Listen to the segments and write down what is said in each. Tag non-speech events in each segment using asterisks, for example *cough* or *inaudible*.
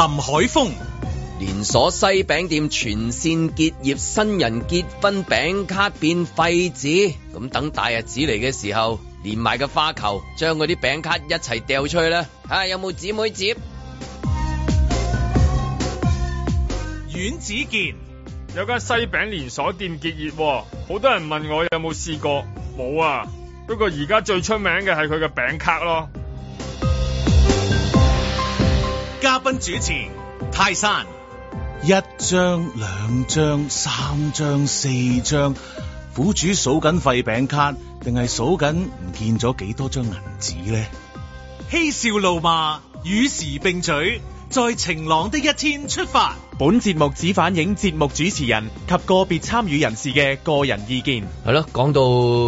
林海峰，連鎖西餅店全線結業，新人結婚餅卡變廢紙，咁等大日子嚟嘅時候，連埋個花球，將嗰啲餅卡一齊掉出去啦，睇下有冇姊妹接。阮子健，有間西餅連鎖店結業，好多人問我有冇試過，冇啊，不過而家最出名嘅係佢嘅餅卡咯。嘉賓主持泰山，一張、兩張、三張、四張，苦主數緊廢餅卡，定係數緊唔見咗幾多張銀紙呢？嬉笑怒罵，與時並舉，在晴朗的一天出發。本節目只反映節目主持人及個別參與人士嘅個人意見。係咯，講到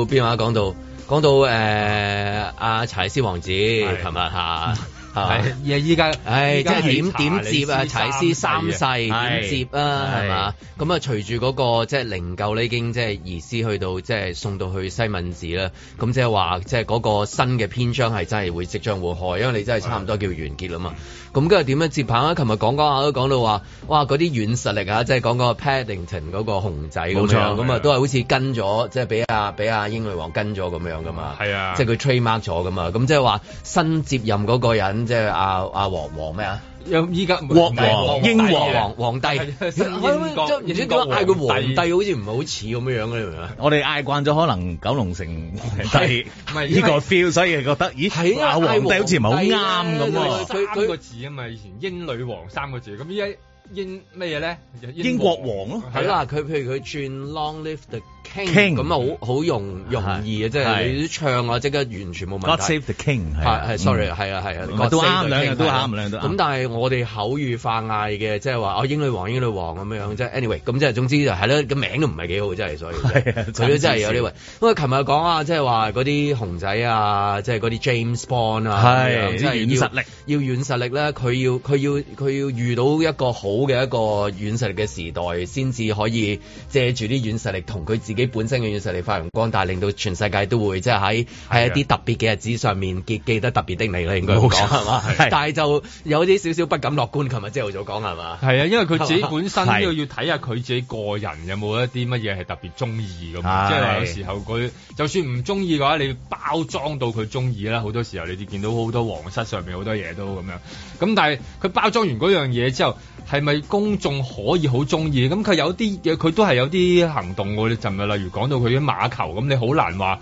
邊、呃、啊？講到講到誒，阿查理斯王子，琴日吓。 *laughs* 係啊，依 *noise* 家，唉、 *noise* *noise* 哎，即係點點接啊，齊師三世點、啊、接啊，係嘛？咁啊，隨住嗰個即係靈柩咧，就是、已經即係移師去到即係、就是、送到去西敏寺啦。咁即係話，即係嗰個新嘅篇章係真係會即將會開，因為你真係差唔多叫完結啦嘛。咁跟住點樣接棒咧？琴日講講下都講到話，哇！嗰啲軟實力啊，即係講個 Paddington 嗰個熊仔，冇錯啊，咁樣，咁啊都係好似跟咗，即係俾阿俾阿英女王跟咗咁樣噶嘛，係啊，即係佢 Trademark 咗噶嘛，咁即係話新接任嗰個人，即係阿阿黃黃咩啊？啊有依家國王、英皇皇皇帝，即係嗌佢皇帝好似唔係好似咁樣樣嘅，我哋嗌慣咗可能九龍城皇帝， *laughs* 唔係依個 feel，所以覺得咦，啊，皇帝好似唔係好啱咁啊！三個字啊嘛，以前英女王三個字咁依家。英咩嘢咧？英國王咯，係啦。佢、啊啊、譬如佢轉 Long Live the King，咁啊好好容容易即係你都唱啊，即刻完全冇問題。God Save the King 係係、啊啊、sorry 係、嗯、啊係啊，啊、right, right, 啊，都啱兩日都啱唔兩日。咁但係我哋口語化嗌嘅，即係話哦英女王英女王咁樣即係 anyway，咁即係總之就係、是、咯，個、啊、名都唔係幾好，即係所以、就是。係啊，佢都真係有呢位，咁啊，琴日講啊，即係話嗰啲熊仔啊，即係嗰啲 James Bond 啊，係、啊就是、要實力，要軟實力呢。佢要佢要佢要，要，要遇到一個好。好嘅一個軟實力嘅時代，先至可以借住啲軟實力，同佢自己本身嘅軟實力發揚光大，但令到全世界都會即係喺喺一啲特別嘅日子上面記得特別的你啦，應該好講係嘛？但係就有啲少少不敢樂觀。琴日朝頭早講係嘛？係啊，因為佢自己本身都要睇下佢自己個人有冇一啲乜嘢係特別中意咁，即係、就是、有時候佢就算唔中意嘅話，你包裝到佢中意啦。好多時候你哋見到好多皇室上面好多嘢都咁樣，咁但係佢包裝完嗰樣嘢之後係咪公眾可以好鍾意？咁佢有啲嘢，佢都係有啲行動喎。就係例如講到佢啲馬球咁，你好難話，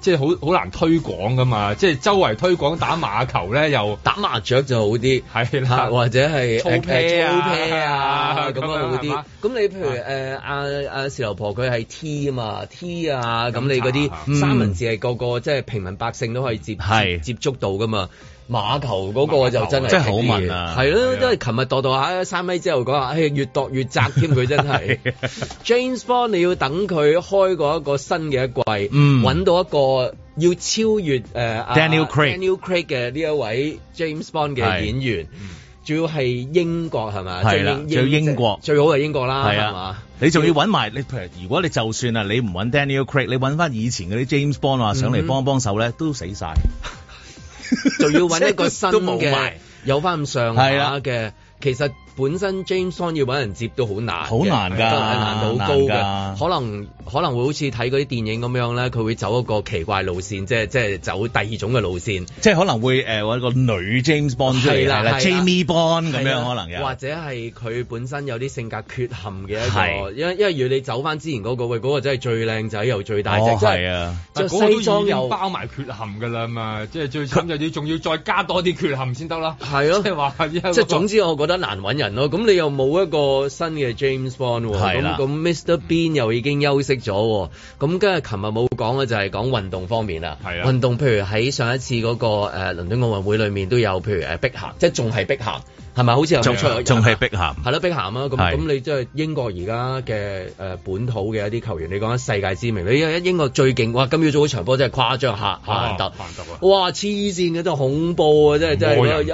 即係好好難推廣噶嘛。即係周圍推廣打馬球咧，又打麻雀就好啲，係啦、啊，或者係 OK 啊咁樣好啲。咁、啊啊啊啊、你譬如誒阿阿蝕頭婆，佢、啊、係、啊啊啊啊、T, T 啊嘛，T 啊咁，咁你嗰啲、嗯、三文治係個個即係、就是、平民百姓都可以接接觸到噶嘛。碼頭嗰個就真係真係好問啊！係咯、啊啊啊，因為琴日度度下三米之後講話，越度越窄添，佢真係、 *laughs* 啊。James Bond 你要等佢開過一個新嘅一季，搵、嗯、到一個要超越誒、呃、Daniel Craig 嘅、uh, 呢一位 James Bond 嘅演員，啊嗯、主要係英國係咪？係啦，啊、主要英國最好係英國啦，係嘛、啊啊？你仲要搵埋你譬如，如果你就算啊，你唔搵 Daniel Craig，你搵翻以前嗰啲 James Bond 啊上嚟幫幫手咧、嗯，都死晒。就 *laughs* 要揾一個新嘅， *laughs* 有翻咁上下嘅，其實。本身 James Bond 要揾人接都好難的，好難㗎，難度好高㗎，可能,、啊、可,能可能會好似睇嗰啲電影咁樣咧，佢會走一個奇怪路線,、就是就是、路線，即係即係走第二種嘅路線，即係可能會誒揾、呃、個女 James Bond 出嚟 Jamie Bond 咁、啊、樣可能嘅，或者係佢本身有啲性格缺陷嘅一個，因、啊、因為如你走翻之前嗰、那個喂嗰、那個真係最靚仔又最大隻，係、哦、啊，著西裝又包埋缺陷㗎啦嘛，即、就、係、是、最慘就要仲要再加多啲缺陷先得啦，係咯、啊就是那個，即係話，即係總之我覺得難揾人。咁你又冇一個新嘅 James Bond 喎，咁咁 Mister Bean 又已經休息咗，咁今日琴日冇講嘅就係、是、講運動方面啦，運動譬如喺上一次嗰、那個誒倫敦奧運會裏面都有，譬如誒碧咸，即係仲係碧咸。係咪好似又出仲係碧咸？係咯，碧咸啊！咁咁你即係英國而家嘅誒本土嘅一啲球員，你講緊世界知名。你因為一英國最勁哇！今次做好場波真係誇張吓，犯、啊、突，犯突啊！哇黐線嘅真恐怖啊！真係真係，一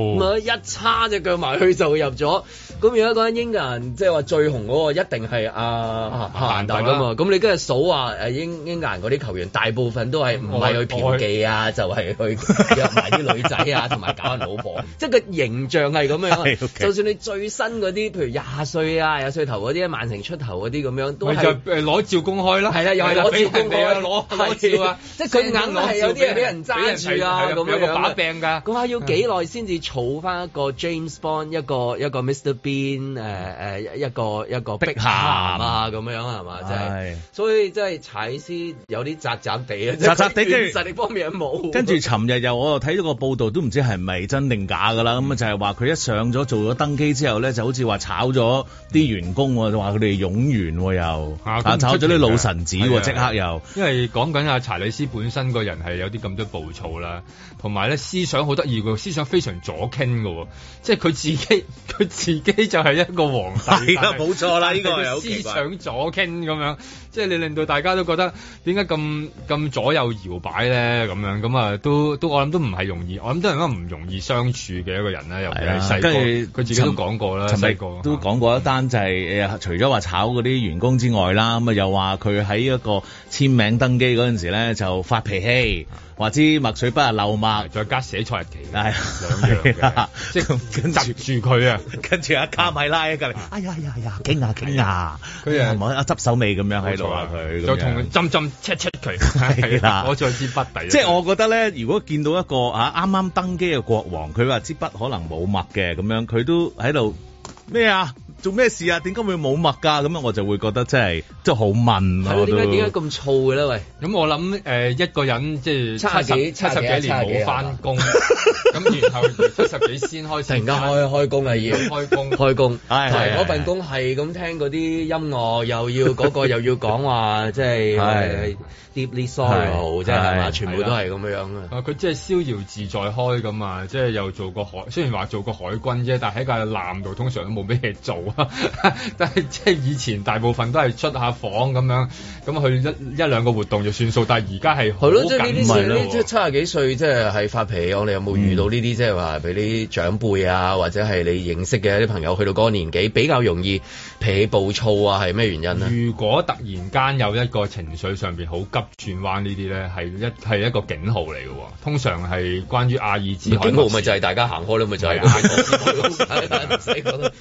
一唔一,一叉隻腳埋去就入咗。咁如果講緊英格蘭，即係話最紅嗰個一定係阿蘭達噶嘛？咁、啊啊啊啊、你跟住數話誒英英格蘭嗰啲球員，大部分都係唔係去嫖妓啊，就係去約埋啲女仔啊，同 *laughs* 埋搞下老婆， *laughs* 即係個形象係咁樣、okay。就算你最新嗰啲，譬如廿歲啊、廿歲頭嗰啲、曼城出頭嗰啲咁樣，都係攞照公開啦。係啦，又係攞照公開，攞、啊、照啊！即係佢硬係有啲俾人揸住啊，咁、就是啊啊、樣有、啊、個把柄㗎。咁啊，要幾耐先至儲翻一個 James Bond，一個一個 Mr B？變誒誒一個一個陛下啊咁樣樣係嘛？就係、是、所以即係、就是、柴斯有啲扎扎地，扎扎地跟住實力方面冇。跟住尋日又我又睇咗個報道，都唔知係咪真定假噶啦。咁、嗯、啊就係話佢一上咗做咗登基之後咧，就好似話炒咗啲員工，就話佢哋冗員又、啊、炒咗啲老臣子，即刻又。因為講緊阿查理斯本身個人係有啲咁多暴躁啦，同埋咧思想好得意個思想非常左傾噶，即係佢自己佢自己。呢就係、是、一個皇帝冇錯啦，呢 *laughs* 個思想左傾咁樣，即係你令到大家都覺得點解咁咁左右搖擺咧？咁樣咁啊，都都我諗都唔係容易，我諗都係乜唔容易相處嘅一個人啦，尤其係細個，佢自己都講過啦，細個都講過一單就係、是、誒，除咗話炒嗰啲員工之外啦，咁啊又話佢喺一個簽名登記嗰陣時咧就發脾氣，話支墨水筆啊漏墨，再加寫錯日期，兩樣，係、哎、啊，即係接住佢啊，跟住阿卡米拉喺隔籬，哎呀哎呀哎呀，驚、啊、驚、啊，佢、哎哎哎哎哎、啊執手尾咁樣喺度啊佢，就同針針 check check 佢，係啦，我再支筆底，即係、啊啊啊啊就是、我覺得咧，如果見到一個啊啱啱登基嘅國王，佢話支筆可能冇墨嘅咁樣，佢都喺度咩啊？做咩事啊？點解會冇墨㗎？咁樣我就會覺得即係即係好悶啊！點解點解咁躁㗎咧？喂，咁我諗誒一個人即係七幾七十幾年冇翻工，咁然後七十幾先開始突然間開開工啊！要開工開工係係嗰份工係咁聽嗰啲音樂，又要嗰個又要講話，即係係。即係係嘛，全部都係咁樣啊！啊，佢即係逍遙自在開咁啊，即係又做過海，雖然話做過海軍啫，但喺架艦度通常都冇咩嘢做啊。 *laughs* 但係即係以前大部分都係出下房咁樣，咁去一一兩個活動就算數。但係而家係好緊密咯，即係呢啲事，呢即係七十幾歲、嗯，即係發脾氣。我哋有冇遇到呢啲即係話俾啲長輩啊，或者係你認識嘅啲朋友去到嗰年紀比較容易？脾氣暴躁啊，係咩原因咧？如果突然間有一個情緒上邊好急轉彎呢啲咧，係一係一個警號嚟嘅，通常係關於阿爾茲海默。是是 *laughs* *laughs* *laughs* *laughs* 警號咪就係大家行開咯，咪就係。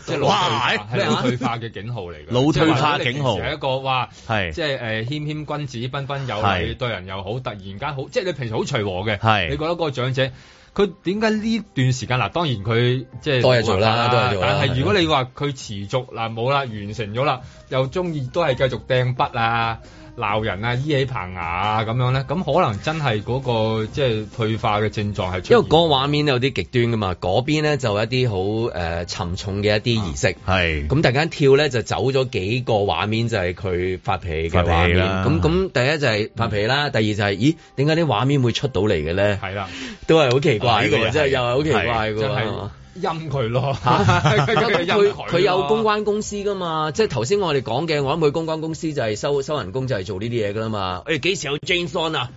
即係老化，咩啊？退化嘅警號嚟嘅。老退化警號係一個話係即係誒謙謙君子彷彷有，彬彬有禮，對人又好。突然間好，即係你平時好隨和嘅，你覺得嗰個長者？佢點解呢段時間嗱？當然佢即係多嘢做啦，多嘢做，但係如果你話佢持續嗱，冇啦，完成咗啦，又中意都係繼續掟筆啊！鬧人啊，依起棚牙啊，咁樣咧，咁可能真係嗰、嗰個即係退化嘅症狀係，因為嗰畫面有啲極端噶嘛，嗰邊咧就一啲好誒沉重嘅一啲儀式，係、啊，咁、嗯、突然間跳咧就走咗幾個畫面，就係、是、佢發脾氣嘅畫面，咁咁第一就係發脾氣啦，第二就係、是，咦，點解啲畫面會出到嚟嘅咧？係啦，都係好奇怪，呢個真係又係好奇怪噶。陰佢咯 *laughs* 佢，佢有公關公司噶嘛？即係頭先我哋講嘅，我諗佢公關公司就係收收人工，就係做呢啲嘢噶啦嘛。誒、欸，幾時有 Jason 啊？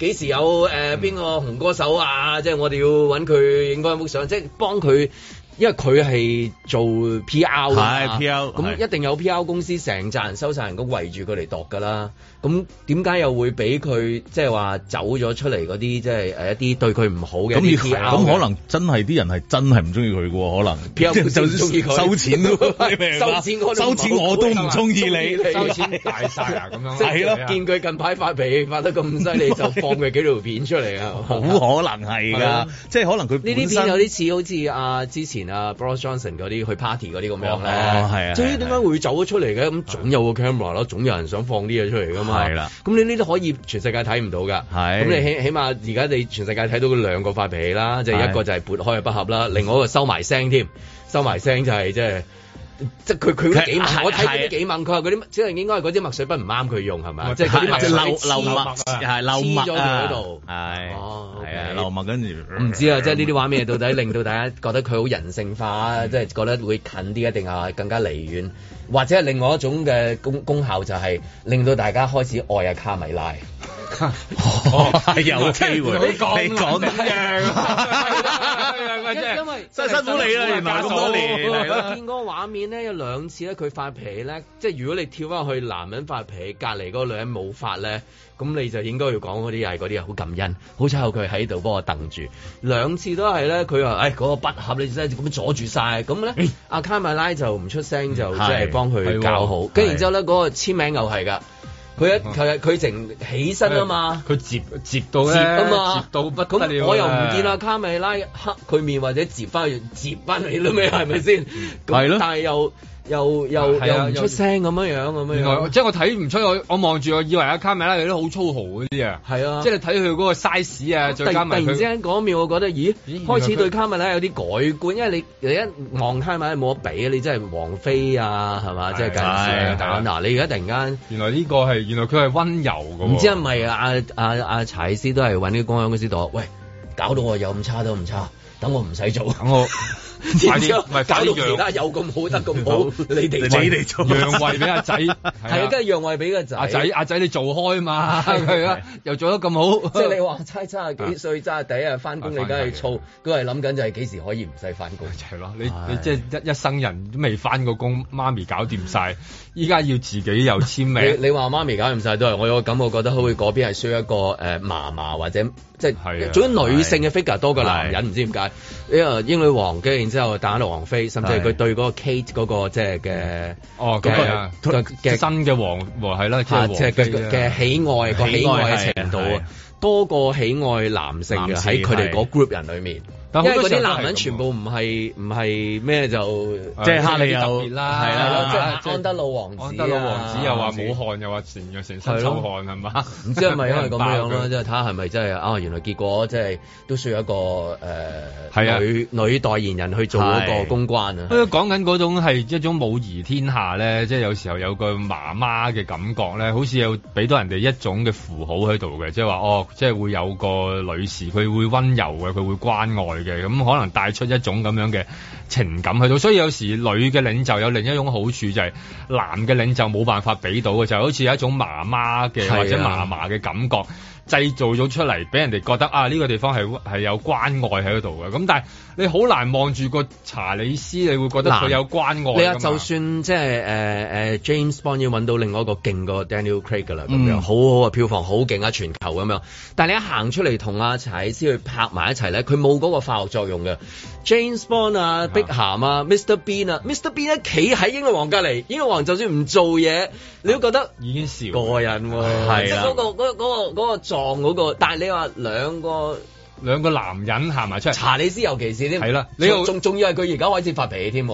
幾時有誒邊、呃嗯、個紅歌手啊？即係我哋要搵佢，應該有冇相？幫佢，因為佢係做 PR，PR，咁一定有 PR 公司成扎人收晒人工圍住佢嚟度噶啦。咁點解又會俾佢、就是、即係話走咗出嚟嗰啲即係一啲對佢唔好嘅咁？咁可能真係啲人係真係唔中意佢嘅喎，可能即係就收錢收錢，收錢我都唔中意你，收錢，你收錢 *laughs* 大曬小呀嗎，咁 *laughs* 這樣係咯， *laughs* 見佢近排發脾氣發得咁犀利，就放佢幾條片出嚟 *laughs* *laughs* 啊，好可能係㗎，即係可能佢呢啲片有啲似好似阿之前啊 Boris Johnson 嗰啲去 party 嗰啲咁樣、哦哦、樣啊即係點解會走咗出嚟嘅？咁、啊、總有個 camera 咯、啊，總有人想放啲嘢出嚟㗎係啦，咁你呢啲可以全世界睇唔到噶，咁你起起碼而家你全世界睇到兩個發脾氣啦，即係一個就係撥開又不合啦，另外一個收埋聲添，收埋聲就係即係即係佢佢嗰幾猛，我睇都幾猛，佢話啲小人應該係嗰支墨水筆唔啱佢用係咪？即係佢啲墨水筆漏咗喺度，係哦，係啊，漏墨跟住唔知啊，即係呢啲畫面到底令到大家覺得佢好人性化，即係覺得會近啲啊，定係更加離遠？或者係另外一種嘅功效，就係令到大家開始愛阿卡米拉。 *laughs* 哦、有機會。你講點樣？啊。因為真係辛苦你啦，原來咁多年嚟。見嗰個畫面咧，有兩次咧，佢發脾咧，即係如果你跳翻去男人發脾，隔離嗰個女人冇發咧，咁你就應該要講嗰啲又係嗰啲好感恩，好彩有佢喺度幫我瞪住。兩次都係咧，佢話誒嗰個筆盒，你真係咁阻住晒。呢咁咧阿卡米拉就唔出聲，就即係幫佢搞好。跟然之後咧，嗰、嗰個簽名又係㗎。佢一佢日佢成起身啊嘛，佢接接到咧，接到不得了啊，咁我又唔見阿卡米拉黑佢面，或者接翻去，接翻嚟啦咩？係咪先？係咯，嗯，但係又。又又、啊、又出聲咁樣樣咁樣，即係我睇唔出。我望住我，我以為阿卡米拉有啲好粗豪嗰啲啊。係啊，即係你睇佢嗰個 size 啊。突然之間嗰秒，我覺得咦，開始對卡米拉有啲改觀，因為你你一望卡米拉冇得比啊，你真係王妃啊，係嘛？即係近視眼嗱，你而家突然間原來呢個係原來佢係温柔嘅。唔知係咪阿阿阿柴師都係搵呢個公安公司度喂，搞到我有咁差都唔差，等我唔使做，等我。 *laughs* 唔係，教育其他有咁好得咁好， *laughs* 好，你哋你哋做讓位俾阿仔，係 *laughs* 啊，梗係讓位俾個仔。阿仔，阿仔，你做開啊嘛，係啊，啊，啊，又做得咁好。即、就、係、是、你話，差差啊幾歲，七底啊，翻工你梗係操，啊、都係諗緊就係幾時可以唔使翻工。係咯、啊，你、啊、你，你即係一一生人都未翻過工，媽咪搞掂晒，依、嗯、家要自己又簽名。 *laughs* 你話媽咪搞掂晒都係，我有個感覺，我覺得佢似嗰邊係需要一個誒嫲嫲或者即係，總之、啊、女性嘅 figure、啊、多過男人，唔、啊啊、知點解呢個英女王之後打落王妃，甚至係佢對嗰個 Kate 嗰、嗰個即係嘅，哦、嘅、嗰、嘅、個、新嘅王，係啦，即係嘅嘅喜愛，喜愛、個喜愛嘅程度啊，多過喜愛男性嘅喺佢哋嗰 group 人裏面。即係嗰啲男人全部唔係，唔係咩就即係、啊就是、哈利又別啦，係即係安德魯王子，安、啊就是、德魯王子、啊、王子，王子漢又話武漢又話成日成身臭汗係嘛？唔知係咪因為咁樣咧？即係睇下係咪真係啊、哦？原來結果即係都算一個誒係、呃、啊，女女代言人去做一個公關啊！講緊嗰種係一種母儀天下咧，即、就、係、是、有時候有個媽媽嘅感覺咧，好似有俾到人哋一種嘅符號喺度嘅，即係話哦，即、就、係、是、會有個女士，佢會溫柔嘅，佢會關愛。嘅，咁可能帶出一種咁樣嘅情感去到，所以有時女嘅領袖有另一種好處，就係男嘅領袖冇辦法俾到嘅，就好似有一種媽媽嘅或者嫲嫲嘅感覺。製造咗出嚟，俾人哋覺得啊，呢、這個地方係係有關愛喺度嘅。咁但係你好難望住個查理斯，你會覺得佢有關愛。你啊，就算即係誒誒 James Bond 要揾到另外一個勁過 Daniel Craig 嘅啦，咁、嗯、樣好好啊，票房好勁啊，全球咁樣。但係你一行出嚟同阿查理斯去拍埋一齊咧，佢冇嗰個化學作用嘅。James Bond 啊，碧鹹啊，啊，Mr Bean 啊，Mr Bean 一企喺英皇隔籬，英皇就算唔做嘢、啊，你都覺得已經笑過癮喎、啊。係即係嗰個嗰、那個嗰、那個、那個望、那、嗰個，但係你話兩個兩個男人行埋出嚟，查理斯尤其是添，係啦，你又仲仲要係佢而家開始發脾氣添，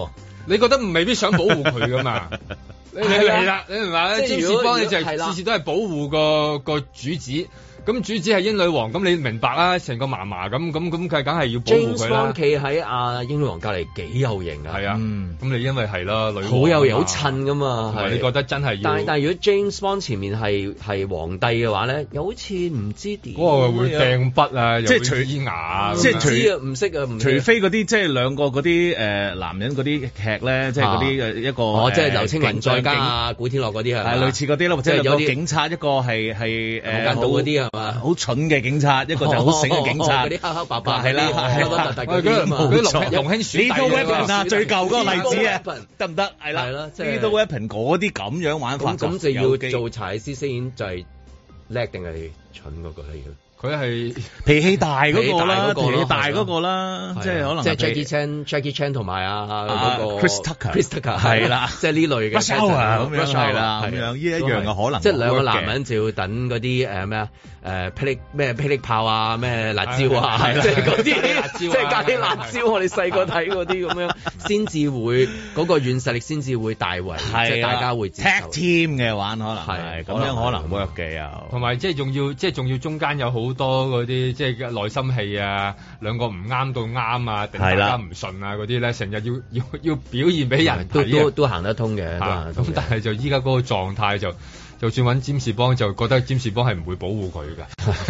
你覺得未必想保護佢噶嘛？ *laughs* 你係啦，你唔係，詹士幫你就次次都係保護個的個主子。咁主子係英女王，咁你明白啦，成個嫲嫲咁，咁咁佢梗係要保護佢啦。James Bond 企喺阿英女王隔籬幾有型啊！係、嗯、啊，咁你因為係啦，女好有型，好襯噶嘛。有有嘛你覺得真係要？但係但係，如果 James Bond 前面係係皇帝嘅話咧、那個啊啊，又好似唔知點，個會掟筆啊，即係除意牙啊，即係除唔識啊，除非嗰啲即係兩個嗰啲誒男人嗰啲劇咧，即係嗰啲誒一個，即係劉青雲再加啊古天樂嗰啲係，係類似嗰啲咯，或者有警察一個係係誒間島嗰啲啊。好蠢嘅警察，一個就好醒嘅警察。哦哦，哦，哦，啲黑黑白白係啦，係 Weapon 啊，最舊嗰個例子啊，得唔得？係啦，啊，係啦，Weapon 嗰啲咁樣玩法，咁就要做柴師先就係叻定係蠢嗰個佢係脾氣大嗰個啦，脾氣大嗰個,個,個啦，即係、就是、可能即係 Jackie Chan、Jackie Chan 同埋啊,啊、那個、Chris Tucker，Chris Tucker 係啦 *laughs* 這、 *laughs* 啊啊啊，即係呢類嘅 pattern 啊係啦，咁樣呢一樣嘅可能，即係兩個男人就要等嗰啲誒咩啊誒霹靂咩霹靂炮啊咩辣椒啊，即係嗰啲即係加啲辣椒，我哋細個睇嗰啲咁樣先至會嗰個軟實力先至會大為，即係大家會 team 嘅玩可能係咁樣可能 work，嘅又，同埋即係仲要即係仲要中間有好。好多嗰啲即係內心戲啊，兩個唔啱到啱啊，定大家唔順啊嗰啲咧，成日要要要表現俾人睇，都都行得通嘅，咁、啊、但係就依家嗰個狀態就。就算揾詹士邦，就覺得詹士邦係唔會保護佢噶，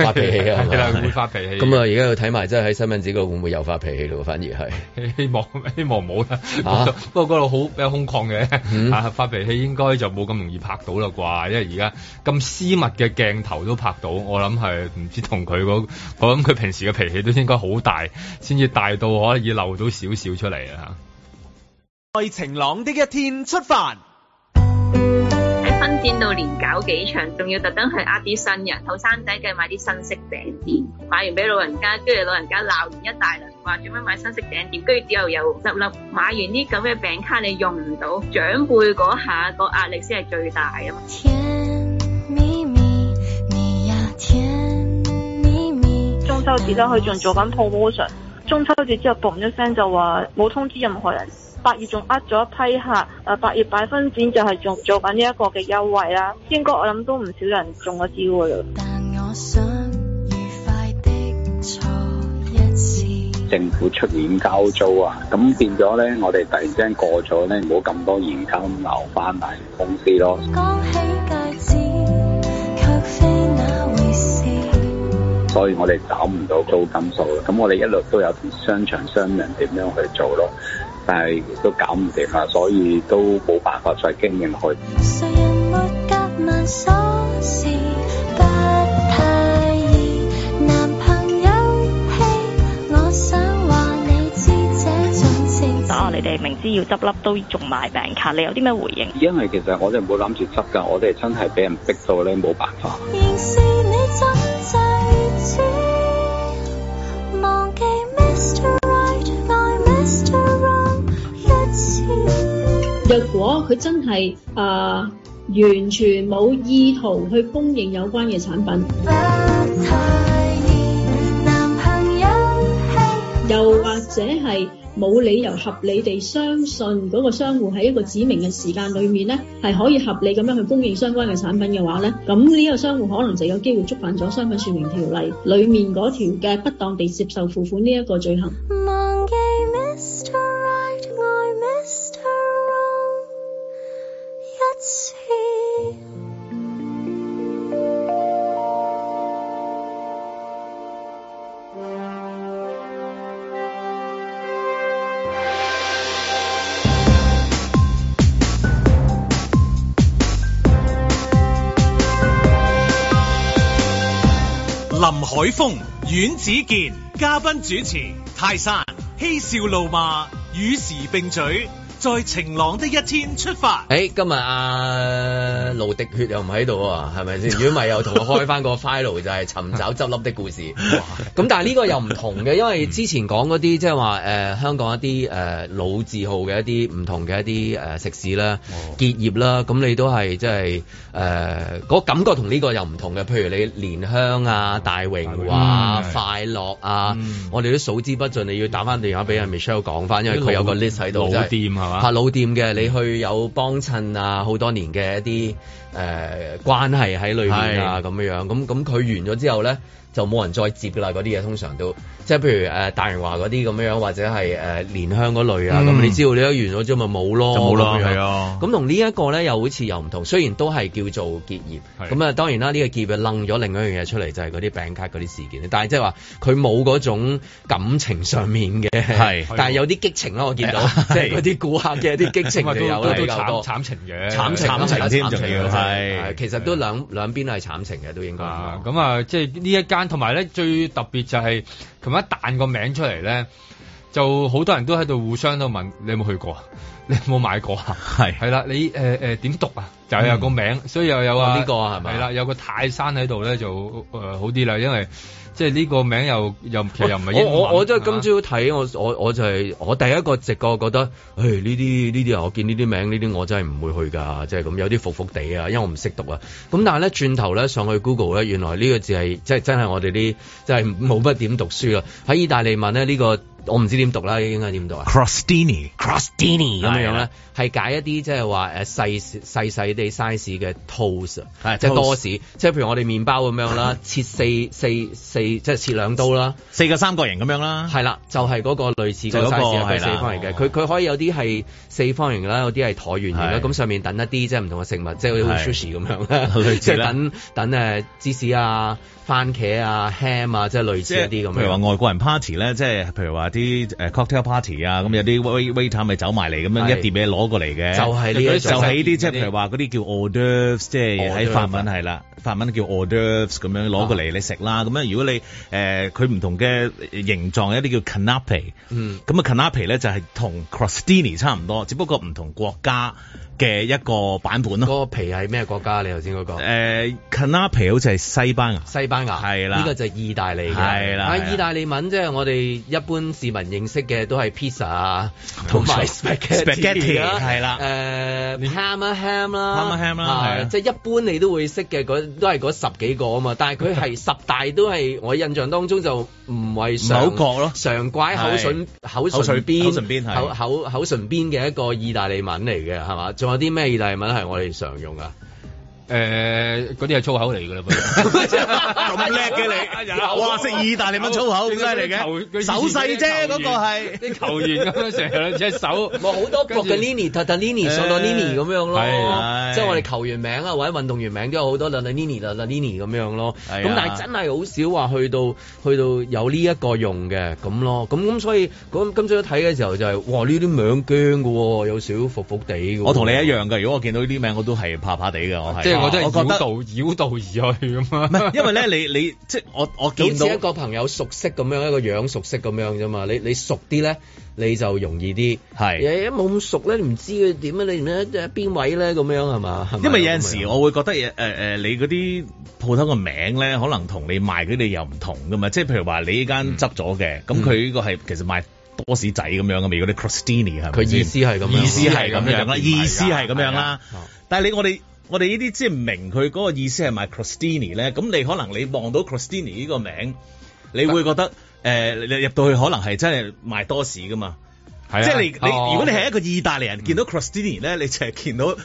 發脾氣啊，係 *laughs* 啦，會發脾氣的的。咁啊，而家要睇埋真係喺新聞紙嗰會唔會又發脾氣咯？反而係，希望希望冇啦。不過嗰度好比較空曠嘅，啊，發脾氣應該就冇咁容易拍到啦啩，因為而家咁私密嘅鏡頭都拍到，我諗係唔知同佢、嗰個、我諗佢平時嘅脾氣都應該好大，先至大到可以漏到少少出嚟啊！喺晴朗的一天出發。新店到連搞幾場，仲要特登去呃啲新人、後生仔計，買啲新式餅店，買完俾老人家，跟住老人家鬧完一大輪，話做咩買新式餅店，跟住之後又執笠，買完啲咁嘅餅卡你用唔到，長輩嗰下個壓力先係最大啊嘛。甜蜜蜜你呀甜蜜蜜，中秋節都佢仲做緊 promotion，中秋節之後嘣一聲就話冇通知任何人。八月仲呃咗一批客，誒八月百分展就係做做緊呢一個嘅優惠啦，應該我諗都唔少人中咗招嘅。政府出面交租啊，咁變咗咧，我哋突然之間過咗咧，唔好咁多現金留翻嚟公司咯。講起戒指，卻非那回事。所以我哋找唔到租金數，咁我哋一路都有同商場商量點樣去做咯。但係都搞唔掂啊，所以都冇辦法再經營佢。想啊！你哋明知要執笠都仲賣餅卡，你有啲咩回應？因為其實我哋冇諗住執㗎，我哋真係俾人逼到咧，冇辦法。若果佢真係啊完全冇意圖去供應有關嘅產品，又或者係冇理由合理地相信嗰個商戶喺一個指明嘅時間裏面咧，係可以合理咁樣去供應相關嘅產品嘅話呢，咁呢個商戶可能就有機會觸犯咗商品說明條例裏面嗰條嘅不當地接受付款呢一個罪行。林海峰、阮子健嘉賓主持，泰山嬉笑怒罵，與時並舉。在晴朗的一天出發。哎、今日阿盧迪血又唔喺度啊，係咪先？如果唔係，又同佢開翻個 file 就係尋找執笠的故事。咁 *laughs* 但係呢個又唔同嘅，因為之前講嗰啲即係話誒香港一啲誒、呃、老字號嘅一啲唔同嘅一啲誒、呃、食肆啦結業啦，咁你都係即係誒嗰感覺同呢個又唔同嘅。譬如你蓮香啊、大榮華、嗯、快樂啊，嗯、我哋都數之不盡，你要打翻電話俾阿 Michelle 講翻、嗯，因為佢有個 list 喺度。老店啊！拍老店嘅，你去有幫襯啊，好多年嘅一啲誒、呃、關係喺裏面啊，咁樣樣咁咁佢完咗之後咧。就冇人再接噶啦，嗰啲嘢通常都即係譬如、呃、大榮華嗰啲咁樣或者係誒、呃、蓮香嗰類啊。咁、嗯、你知道你一完咗咗咪冇咯，冇啦。咁同呢一個咧又好似又唔同，雖然都係叫做結業。咁啊當然啦，呢、呢個結業掕咗另一樣嘢出嚟，就係嗰啲餅卡嗰啲事件。但係即係話佢冇嗰種感情上面嘅，但係有啲激情咯，我見到即係嗰啲顧客嘅啲激情、嗯嗯有嗯、都，都，都有都都慘情嘅，慘情慘情添仲要，其實都兩兩,兩邊都係慘情嘅，都應該咁啊。即係呢一間。同埋咧最特別就係、是，琴日一彈個名出嚟咧，就好多人都喺度互相都問，你有冇去過、啊？你有冇買過啊？係係啦，你誒誒點讀啊？就係有個名、嗯，所以又有啊呢個係咪？係啦，有個泰山喺度咧就誒、呃、好啲啦，因為。即係呢個名又又其實又唔係英文，我我我真係今朝睇，我我我就係、啊、我，我，我第一個直覺覺得，唉呢啲呢啲啊，我見呢啲名呢啲我真係唔會去㗎，即係咁有啲伏伏地啊，因為我唔識讀啊。咁但係咧轉頭咧上去 Google 咧，原來呢個字係即係真係我哋啲即係冇乜點讀書啦。喺意大利文咧呢、呢個。我唔知點讀啦，應該點讀啊？Crostini，Crostini 咁樣樣咧，係解一啲即係話細細細啲 size 嘅 Toast，即、yeah, 係多士，toast. 即係譬如我哋麵包咁樣啦， *laughs* 切四四四，即係切兩刀啦，四個三角形咁樣啦。係啦，就係、是、嗰個類似嗰係、那個就是、四方形嘅，佢佢可以有啲係四方形啦，有啲係橢圓形啦，咁上面等一啲即係唔同嘅食物，即係好似 sushi 咁樣即等等誒、呃、芝士啊、番茄啊、ham 啊，即類似一啲咁樣。譬如話外國人 party 咧，即係譬如話。啲誒 cocktail party 啊，咁、嗯嗯、有啲 waiter 咪走埋嚟，咁樣一碟嘢攞過嚟嘅，就係、是、呢、這個，就係啲即係譬如話嗰啲叫 hors d'oeuvres，即係喺法文係啦，法文叫 hors d'oeuvres 咁樣攞過嚟、啊、你食啦。咁樣如果你誒佢唔同嘅形狀，一啲叫 canape，咁、嗯、啊 canape 咧就係、是、同 crostini 差唔多，只不過唔同國家嘅一個版本咯。嗰、那個皮係咩國家？你頭先嗰個、呃、canape 好似係西班牙，西班牙係啦，呢、這個就係意大利嘅係啦。啊，意大利文即係、就是、我哋一般。市民認識嘅都係 pizza 啊，同埋 spaghetti 係 ham 啦 ham 啦，呃 Parma ham, Parma ham, uh, yeah，即係一般你都會識嘅都係嗰十幾個啊嘛， *laughs* 但係佢係十大都係我印象當中就唔係常，唔係好咯，常拐口口唇邊口邊口唇邊嘅一個意大利文嚟嘅係嘛？仲有啲咩意大利文係我哋常用㗎？誒嗰啲係粗口嚟㗎啦，咁叻嘅你，哇、哎、識意大利文粗口，咁犀利嘅，手勢啫嗰個係啲球員咁、那個、樣成兩隻手，好、欸、多搏嘅 Nini，Tata Nini 上到 Nini 咁樣咯，即係我哋球員名啊或者運動員名都有好多啦啦 Nini 啦啦 Nini 咁樣咯，咁、哎、但係真係好少話去到去到有呢一個用嘅咁咯，咁咁所以咁今朝睇嘅時候就係、是、哇呢啲名僵㗎，有少服服地我同你一樣㗎，如果我見到呢啲名我都係怕怕地㗎，我係。我，我覺得繞道繞道而去咁啊！ *laughs* 因為咧，你你即係我我見到一個朋友熟悉咁樣，一個樣熟悉咁樣啫嘛。你你熟啲咧，你就容易啲係。冇咁、欸、熟咧，唔知佢點啊？你唔知邊位咧？咁樣係嘛？因為有陣時我會覺得誒誒、嗯呃、你嗰啲鋪頭個名咧，可能同你賣佢哋又唔同噶嘛。即係譬如話，你呢間執咗嘅，咁佢呢個係其實賣多士仔咁樣嘅，咪嗰啲 crostini 係咪？佢意思係咁樣，意思係咁樣啦，意思係咁樣啦、啊。但係你我哋。我哋呢啲即係唔明佢嗰個意思係賣 Crostini 咧，咁你可能你望到 Crostini 呢個名，你會覺得誒、呃，你入到去可能係真係賣多士噶嘛，即係你你,、哦、你如果你係一個意大利人，嗯、見到 Crostini 咧，你就係見到。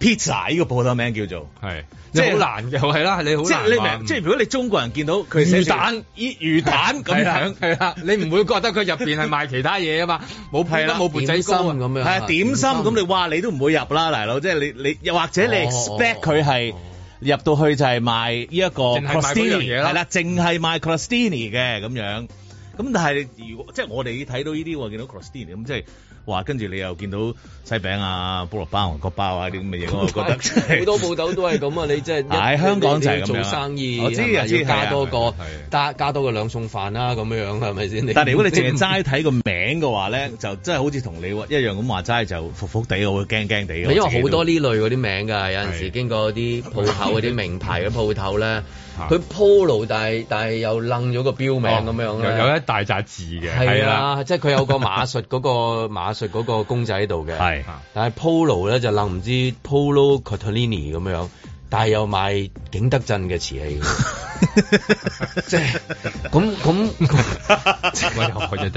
pizza，呢個鋪頭名叫做，係即係好難，又係啦，你好即係你明，即係如果你中國人見到佢寫蛋依魚蛋咁樣，係啦，你唔會覺得佢入邊係賣其他嘢啊嘛，冇覺得冇缽仔糕咁樣係點心，咁你哇你都唔會入啦，大佬，即係你你又或者你 expect 佢係入到去就係賣呢一個 crostini，係啦，淨係賣 crostini 嘅咁樣咁，但係如果即係我哋睇到呢啲見到 crostini 咁即係。哇！跟住你又見到西餅啊、菠蘿包、韓國包啊啲咁嘅嘢，我覺得好多鋪頭都係咁啊！ *laughs* 你即係喺香港就係做生意，啲、嗯、人要加多個加加多個兩餸飯啦、啊，咁樣樣係咪先？但如果你淨齋睇個名嘅話咧，就真係好似同你一樣咁話齋，就服服地，我會驚驚地。因為好多呢類嗰啲名㗎，有陣時經過啲鋪頭嗰啲名牌嘅鋪頭咧。佢 Polo，但係但係又楞咗個標名咁、哦、樣，咯。有一大紮字嘅，係啦，即係佢有個馬術，嗰個馬術嗰、那個、 *laughs* 個公仔喺度嘅，係，但係 Polo 咧就楞唔知 *laughs* Polo Cortini 咁樣。但又賣景德鎮嘅瓷器，即係咁咁，我又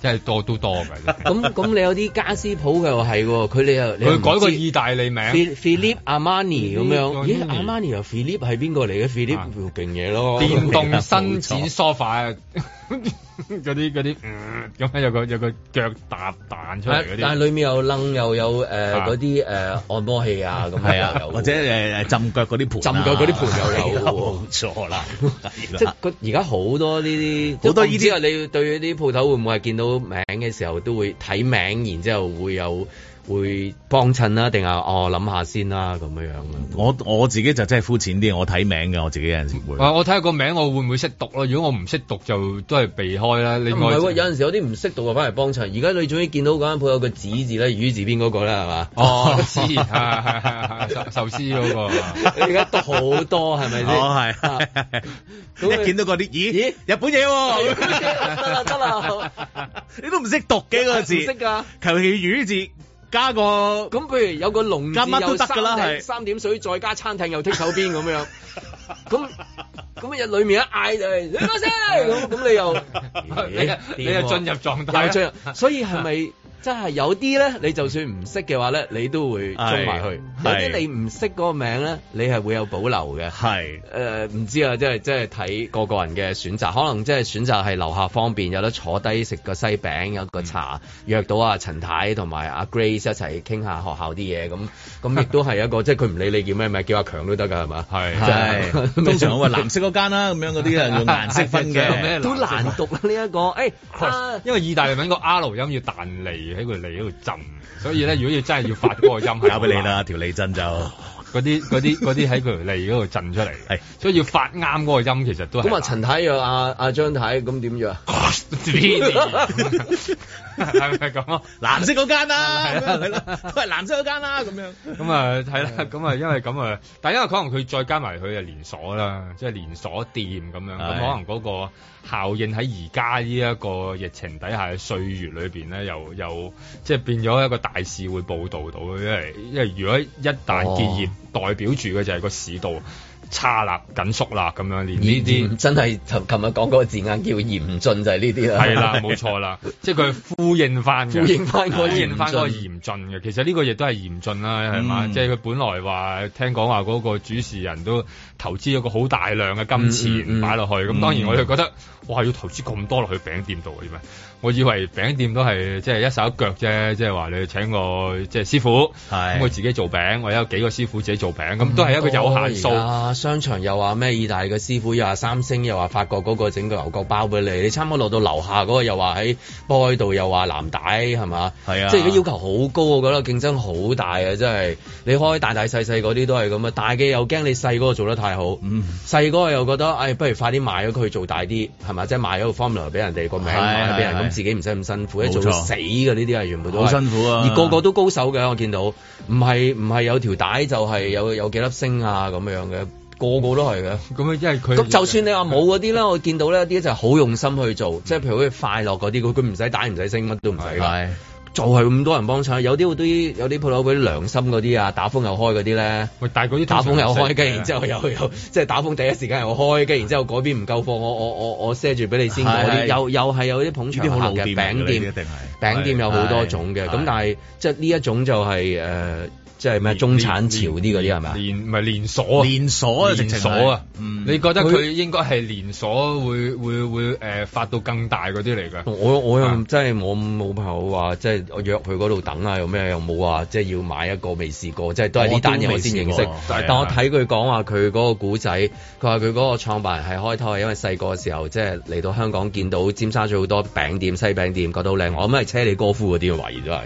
即係多都多嘅。咁咁你有啲家私鋪嘅又係，佢你又佢改個意大利名，Philip Armani 咁樣。咦，Armani 又 Philip 係邊個嚟嘅？Philip 條勁嘢咯，電動伸展梳化嗰啲嗰啲，咁、嗯、有個有個腳踏彈出嚟，但係裡面有楞，又有誒嗰啲誒按摩器啊，咁係啊，或者誒誒浸腳嗰啲盆，浸腳嗰啲盆又有喎，唔錯啦，即係個而家好多呢啲好多呢啲啊！ *laughs* *laughs* *laughs* *laughs* 你對啲鋪頭會唔會係見到名嘅時候都會睇名，然之後會有。會幫襯啦，定係哦諗下先啦、啊、咁樣樣。我我自己就真係膚淺啲，我睇名嘅我自己有陣時會。啊、我睇下個名我會唔會識讀咯、啊？如果我唔識讀就都係避開啦。唔係、就是啊、有陣時有啲唔識讀嘅翻嚟幫襯。而家你終於見到嗰間鋪有個子“子 *laughs* ”字咧，“魚”字邊嗰個咧，係嘛？哦，子係係壽司嗰個。 *laughs* 你而家讀好多係咪先？哦 *laughs* 咁不是 *laughs* *laughs* *laughs* 一見到嗰啲，咦咦，日本嘢喎、啊？得啦得啦，啦啦 *laughs* *laughs* 你都唔識讀嘅個 *laughs* 字。識噶，求其魚字。加個咁，譬如有個龍都得㗎啦。三點水再加餐廳，又剔手邊咁樣。咁咁入裏面一嗌就係你講先，咁 *laughs* 咁你又 *laughs* 、欸、你又進入狀態 *laughs* 入，所以係咪？ *laughs* 真係有啲咧，你就算唔識嘅話咧，你都會衝埋去。或者你唔識嗰個名咧，你係會有保留嘅。係誒，唔、呃、知啊，即係即係睇個個人嘅選擇。可能即係選擇係樓下方便，有得坐低食個西餅，有個茶，嗯、約到阿陳太同埋阿 Grace 一齊傾下學校啲嘢。咁咁亦都係一個， *laughs* 即係佢唔理你叫咩名，叫阿強都得噶，係嘛？係係。 *laughs* 通常我話藍色嗰間啦，咁樣嗰啲係用藍色分嘅， *laughs* 都難讀呢、啊、一、 *laughs* 這個誒、哎啊，因為意大利文個 R 音 *laughs* 要彈嚟。喺佢脷嗰度震，所以咧，如果要真係要發嗰個音，交俾你啦，條脷震就嗰啲嗰啲嗰啲喺佢條脷嗰度震出嚟，係，所以要發啱嗰個音，其實都係。咁啊，陳太又阿阿張太，咁點、 *laughs* 啊、 *laughs* 樣？係咪咁啊？藍色嗰間啦、啊，係啦係啦，都係藍色嗰間啦、啊，咁樣。咁啊，係啦，咁啊，因為咁啊，但因為可能佢再加埋佢嘅連鎖啦，即、就、係、係、連鎖店咁樣，咁可能嗰、嗰個。效應喺而家呢一個疫情底下嘅歲月裏邊咧，又又即係變咗一個大事會報導到，因為因為如果一旦結業，代表住嘅就係個市道。哦差啦，緊縮啦，咁樣呢啲，呢啲真係琴琴日講嗰個字眼叫嚴峻就，就係呢啲啦。係啦，冇錯啦，即係佢呼應翻，呼應翻嗰呼應返個嚴峻嘅。其實呢個亦都係嚴峻啦，係嘛、嗯？即係佢本來話聽講話嗰個主持人都投資咗個好大量嘅金錢擺落、嗯嗯嗯、去，咁當然我哋覺得、嗯、哇，要投資咁多落去餅店度點樣？我以為餅店都係即係一手一腳啫，即係話你請我，即、就、係、是、師傅，咁佢自己做餅，或者有幾個師傅自己做餅，咁都係一個有限數。嗯商場又話咩？意大利嘅師傅又話三星，又話法國嗰個整個牛角包俾你。你差唔多落到樓下嗰個又話喺波海度，又話藍帶，係嘛？係啊，即係而家要求好高，我覺得競爭好大啊！真係你開大大細細嗰啲都係咁啊，大嘅又驚你細嗰個做得太好，細嗰個又覺得，哎，不如快啲賣咗佢做大啲，係咪？即係賣咗個 formula 俾人哋個名買，買咗俾人，咁自己唔使咁辛苦，冇錯。做死嘅呢啲係原本都好辛苦，啊，而個個都高手嘅，我見到。唔係，唔係有條帶就係有、嗯、有幾粒星啊，咁樣嘅，個個都係嘅。咁、嗯、佢。咁就算你話冇嗰啲咧，我見到咧有啲就係好用心去做，嗯、即係譬如好似快樂嗰啲，佢佢唔使帶唔使星乜都唔使。就係、是，咁多人幫襯，有啲會嗰啲有啲鋪頭會良心嗰啲啊，打風又開嗰啲呢，但係嗰啲打風又開嘅，然之後又又即係打風第一時間又開嘅，然後之後嗰邊唔夠貨。我我我我塞住俾你先。係、啊，又又係有啲捧場啲好老嘅餅店一定係餅店有好多種嘅，咁、啊啊、但係即係呢一種就係、是呃即係咩中產潮啲嗰啲係咪？連唔係連鎖啊！連鎖啊！連鎖啊！嗯，你覺得佢應該係連鎖會會會誒發到更大嗰啲嚟嘅？我我、啊、真係我冇朋友話，即係我約佢嗰度等啊，又咩又冇話即係要買一個未試過，即係都係呢單嘢我先認識。啊、但我睇佢講話佢嗰個古仔，佢話佢嗰個創辦人係開拖，因為細個嘅時候即係嚟到香港見到尖沙咀好多餅店西餅店，覺得好靚、嗯，我諗係車厘哥夫嗰啲、嗯，懷疑都係。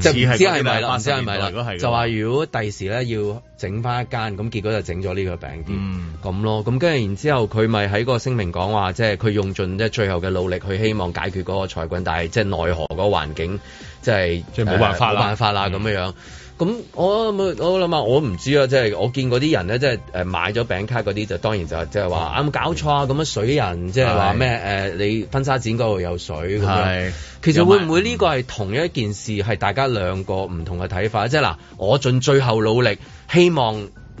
就唔知係咪啦，知係咪啦。就話 *noise* *noise* 如果第時咧要整翻一間，咁結果就整咗呢個餅店咁咯。咁跟住然之後，佢咪喺個聲明講話，即係佢用盡即係最後嘅努力，去希望解決嗰個裁軍，但係即係奈何嗰環境即係即係冇辦法啦，冇辦法啦咁、嗯、樣。咁、嗯、我我諗下我唔知啊，即係我見嗰啲人咧，即係誒買咗餅卡嗰啲，就當然就即係話啱搞錯啊，咁樣水人，是是即係話咩誒，你婚紗展嗰度有水咁樣是是。其實會唔會呢個係同一件事，係大家兩個唔同嘅睇法？即係嗱，我盡最後努力，希望。誒、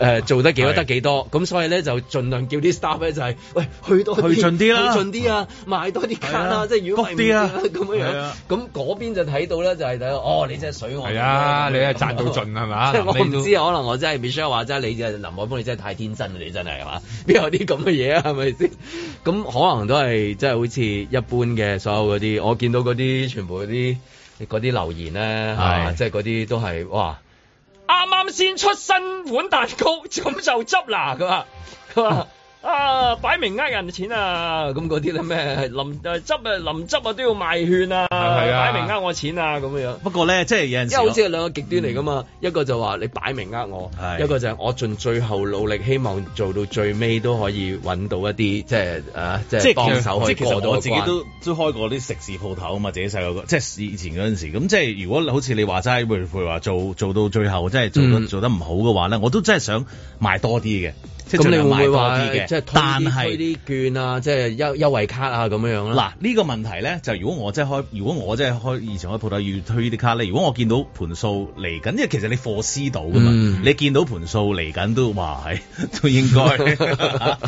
*laughs* 呃、做得幾多 *laughs* 得幾多咁少， *laughs* 所以咧就盡量叫啲 staff 咧就係、是，喂去多去盡啲啦，去盡啲啊， *laughs* 買多啲卡啦、啊，即係、啊、如果唔啲啊，咁樣樣，咁嗰邊就睇到咧就係睇到，哦你真係水我係啊，啊你係賺到盡係嘛？即係、啊啊啊、我唔知，可能我真係 Michelle 話齋，h 係你係林海峰，你真係太天真你真係咪？邊有啲咁嘅嘢啊？係咪先？咁 *laughs* 可能都係即係好似一般嘅所有嗰啲，我見到嗰啲全部嗰啲嗰啲留言咧，係即係嗰啲都係哇。啱啱先出新款蛋糕，咁就執拿佢啊！啊！擺明呃人錢啊，咁嗰啲咧咩林誒執誒林執啊都要賣券啊，係啊！擺明呃我錢啊，咁樣。不過咧，即係有陣時，即好似係兩個極端嚟噶嘛，嗯。一個就話你擺明呃我，一個就係我盡最後努力，希望做到最尾都可以搵到一啲即係啊，即係幫手，即係其實我自己都都開過啲食肆鋪頭啊嘛。自己細個即係以前嗰陣時，咁即係如果好似你話齋，會會話做做到最後，即係做、嗯、做得做得唔好嘅話咧，我都真係想賣多啲嘅。咁你會唔會話，即係推推啲券啊，是即係優惠卡啊咁樣樣，嗱呢個問題咧，就如果我即係開，如果我即係開，以前開鋪頭要推啲卡咧，如果我見到盤數嚟緊，因為其實你貨師到噶嘛，嗯、你見到盤數嚟緊都話係都應該係、 *laughs* *laughs* 啊、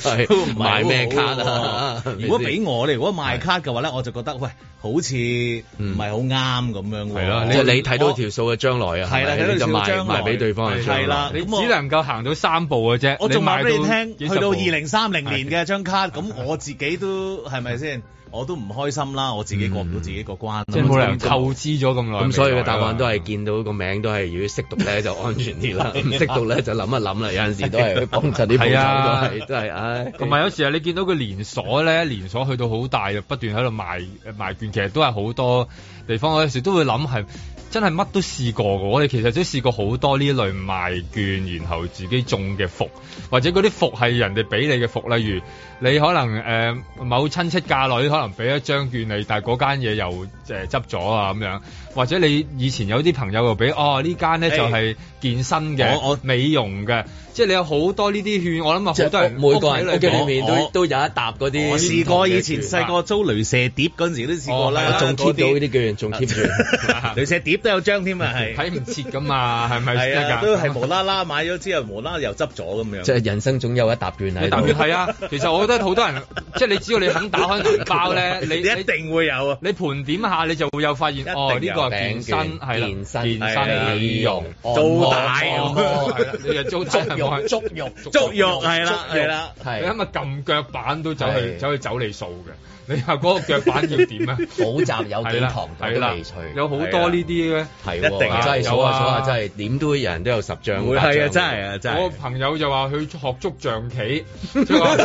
買咩卡啦、啊？ *laughs* 如果俾我，你如果賣卡嘅話咧，我就覺得喂，好似唔係好啱咁樣喎、啊。即係你睇到條數嘅將來啊，係啦，你就賣賣俾對方係啦，啦，你只能夠行到三步嘅啫，你賣。你聽，去到二零三零年嘅張卡，咁我自己都係咪先？ *laughs* 是吧 *laughs* 我都唔開心啦，我自己過唔到自己個關。即係冇能透支咗咁耐。咁所以嘅答案都係見到個名都係， *laughs* 如果識讀咧就安全啲啦，唔 *laughs* 識、嗯、讀咧 *laughs* 就諗一諗啦。 *laughs* *laughs* 有陣時都係幫襯啲鋪啊，咯，真、哎、係。同埋有時啊， *laughs* 你見到個連鎖咧，連鎖去到好大，不斷喺度賣賣券，其實都係好多地方。我有時都會諗係真係乜都試過㗎。我哋其實都試過好多呢類賣券，然後自己中嘅福，或者嗰啲福係人哋俾你嘅福。例如你可能、呃、某親戚嫁女。可能俾一張券你，但係嗰間嘢又誒執咗啊咁樣，或者你以前有啲朋友又俾哦間呢間咧、欸、就係、是、健身嘅，美容嘅，即係你有好多呢啲券，我諗啊，好多人每個人屋企裏面都都有一沓嗰啲。我試過以前細個租雷射碟嗰陣時都試過啦，仲、啊、keep 到呢啲券，仲 keep 住。 *laughs* 雷射碟都有張添啊，係睇唔切噶嘛，係 *laughs* 咪真、啊、都係無啦啦買咗之後無啦啦又執咗咁樣。即係人生總有一沓券喺度。係啊，其實我覺得好多人， *laughs* 即係你只要你肯打開銀包。 *laughs* 咧、哦，你一定會有，你盤點一下你就會有發現，哦，呢、呢個係健身，係啦，健身，健身，是健身美容、足底，係啦，足係係係足浴、足浴係啦，係啦，你啱啱撳腳板都走去走去走你數嘅。你話嗰個腳板要點啊？好 *laughs* 雜有幾堂都未有好多呢啲咧，係、嗯、一定真係數下數下真係，點都人人都有十張會。係啊，真係啊，真係。我朋友就話佢學捉象棋，點啊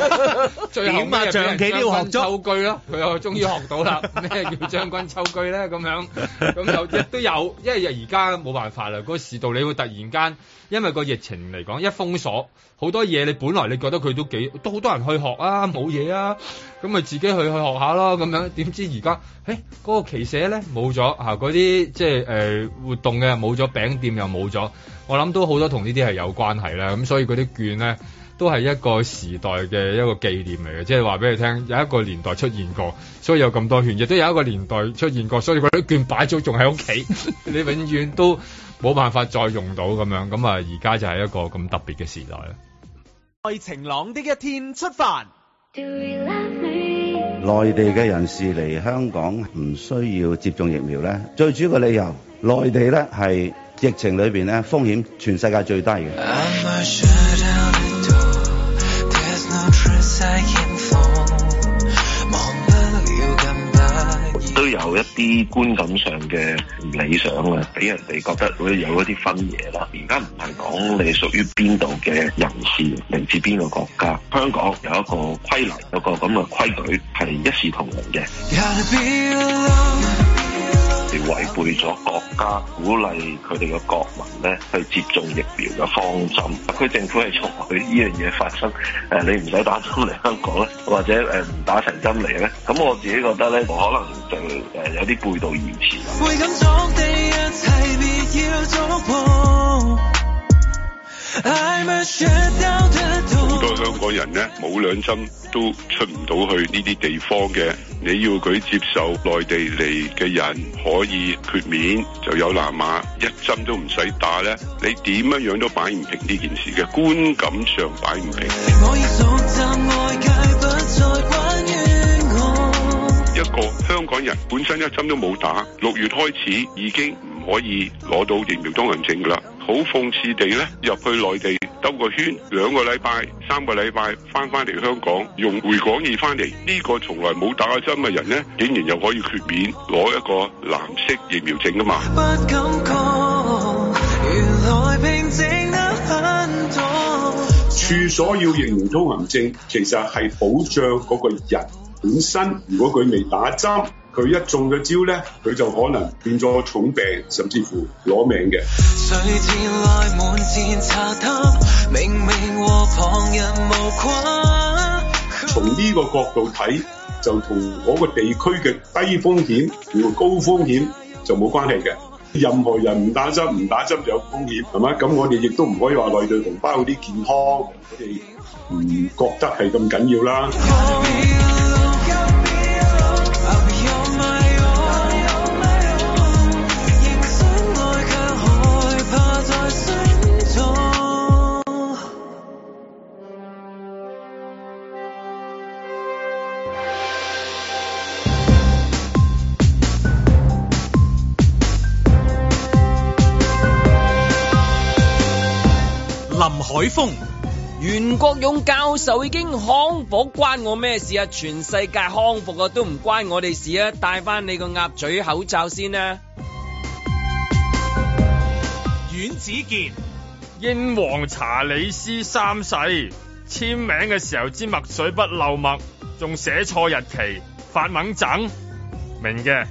象棋都要學抽句囉。佢又終於學到啦。咩 *laughs* 叫將軍抽句呢？咁樣咁就亦都有，因為而家冇辦法啦。嗰時到你會突然間，因為個疫情嚟講一封鎖。好多嘢你本來你覺得佢都幾都好多人去學啊，冇嘢啊，咁咪自己去去學下咯，咁樣點知而家誒嗰個棋社咧冇咗吓，嗰啲、啊、即係誒、呃、活動嘅冇咗，餅店又冇咗，我諗都好多同呢啲係有關係啦。咁所以嗰啲券咧都係一個時代嘅一個紀念嚟嘅，即係話俾你聽有一個年代出現過，所以有咁多券，亦都有一個年代出現過，所以嗰啲券擺咗仲喺屋企， *laughs* 你永遠都冇辦法再用到咁樣。咁啊而家就係一個咁特別嘅時代啦。在晴朗的一天出發。內地嘅人士嚟香港唔需要接種疫苗咧，最主要嘅理由，內地咧係疫情裏面咧風險全世界最低嘅。有一啲觀感上嘅唔理想啊，俾人哋覺得會有一啲分野啦。而家唔係講你屬於邊度嘅人士，嚟自邊個國家。香港有一個規例，有個咁嘅規矩，係一視同仁嘅。違背咗國家鼓勵佢哋嘅國民咧去接種疫苗嘅方針，特區政府係從佢呢樣嘢發生，誒、呃、你唔使打針嚟香港咧，或者誒唔、呃、打成針嚟咧，咁我自己覺得咧，我可能就誒、呃、有啲背道而馳啦。會好多香港人呢，冇兩針都出唔到去呢啲地方嘅，你要佢接受內地嚟嘅人可以豁免，就有南馬一針都唔使打呢，你點樣都擺唔平呢件事嘅，觀感上擺唔平。一個香港人本身一針都冇打，六月開始已經唔可以攞到疫苗通行證㗎喇。好諷刺地咧，入去內地兜個圈兩個禮拜三個禮拜，翻翻嚟香港用回港易翻嚟，呢個從來冇打針嘅人咧，竟然又可以豁免攞一個藍色疫苗證啊嘛！不原來並整得很多處所要疫苗通行證，其實係保障嗰個人本身，如果佢未打針。佢一中咗招咧，佢就可能變咗重病，甚至乎攞命嘅。從呢個角度睇，就同嗰個地區嘅低風險同高風險就冇關係嘅。任何人唔打針唔打針就有風險，係嘛？咁我哋亦都唔可以話內地同胞有啲健康我哋唔覺得係咁緊要啦。海峰，袁國勇教授已經康復，關我咩事啊？全世界康復啊，都唔關我哋事啊！戴翻你個鴨嘴口罩先啊。阮子健，英皇查理斯三世簽名嘅時候知墨水不漏墨，仲寫錯日期，發猛整，明嘅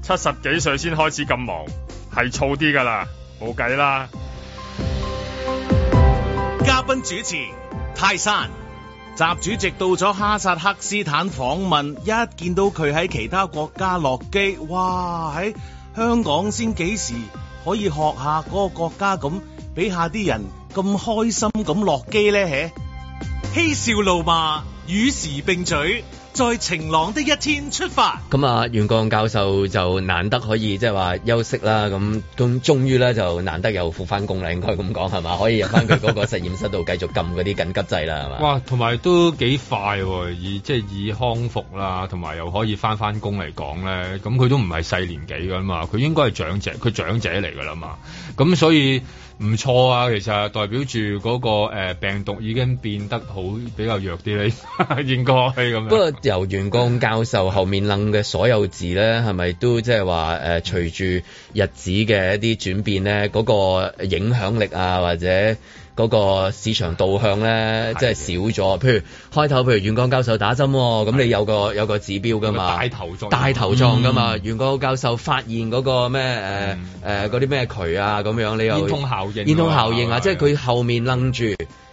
七十幾歲先開始咁忙，係燥啲噶啦，冇計啦。嘉賓主持泰山，習主席到咗哈薩克斯坦訪問，一見到佢喺其他國家落機，哇喺香港先幾時可以學下個國家咁，俾下啲人咁開心咁落機咧？嘿，嬉笑怒罵與時並舉。在晴朗的一天出發。咁啊，袁鋼教授就難得可以即係話休息啦。咁咁，終於咧就難得又復翻工啦。應該咁講係嘛？可以入翻佢嗰個實驗室度繼續撳嗰啲緊急掣啦，係嘛？ *laughs* 哇！同埋都幾快，以即係、就是、以康復啦，同埋又可以翻翻工嚟講咧。咁佢都唔係細年紀噶嘛，佢應該係長者，佢長者嚟噶啦嘛。咁所以。唔錯啊，其實、啊、代表住嗰、那個、呃、病毒已經變得好比較弱啲咧，應該咁樣。 *laughs* 不過由袁光教授後面諗嘅所有字咧，係咪都即係話誒隨住日子嘅一啲轉變咧，嗰、那個影響力啊或者？嗰、那個市場導向咧，即係少咗。譬如開頭，譬如元江教授打針咁、哦，你有個有個指標㗎嘛、那個大？大頭撞大頭撞㗎嘛？元、嗯、江教授發現嗰個咩誒嗰啲咩渠啊咁樣，你有？煙通效應煙通效應啊！應啊即係佢後面拎住，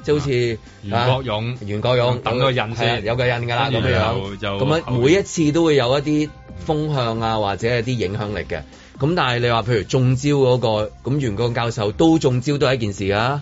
即係好似、啊、袁國勇袁國勇等個印先有個印㗎啦。咁樣咁樣每一次都會有一啲風向啊，嗯、或者一啲影響力嘅。咁但係你話譬如中招嗰、那個咁，元江教授都中招都係一件事㗎、啊。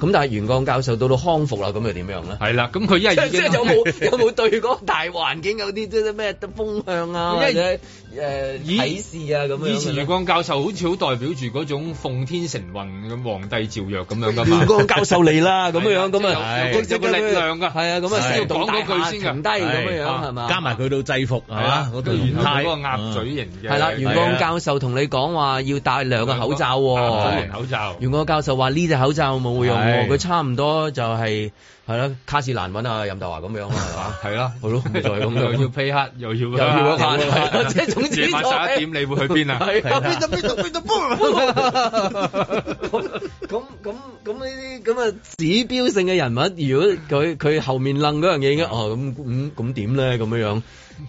咁但係袁剛教授到到康復啦，咁又點樣咧？係啦，咁佢一係已經 *laughs* 即係有冇對嗰個大環境有啲即係咩風向啊，以 *laughs* 前、呃啊、袁剛教授好似好代表住嗰種奉天承運咁皇帝詔曰咁樣㗎嘛。袁剛教授嚟啦，咁 *laughs* 樣咁啊，有個力量㗎。係啊，咁啊，先講嗰句先噶。低咁樣係嘛？加埋佢到制服係嘛？嗰個太嗰鴨嘴型嘅。係啦，袁剛教授同你講話要戴兩個口罩喎。連口罩。袁剛教授話呢隻口罩冇用。啊。哦，佢差唔多就係係啦，卡士蘭穩啊，任達華咁樣係嘛？係啦，係、啊、咯，唔在咁，又要披黑，又要又要，即係 *laughs* *laughs* 總之，夜晚十一點，你會去邊啊？咁咁咁咁呢啲咁嘅指標性嘅人物，如果佢佢後面冧嗰樣嘢嘅，哦咁咁咁點咧？咁、嗯、樣。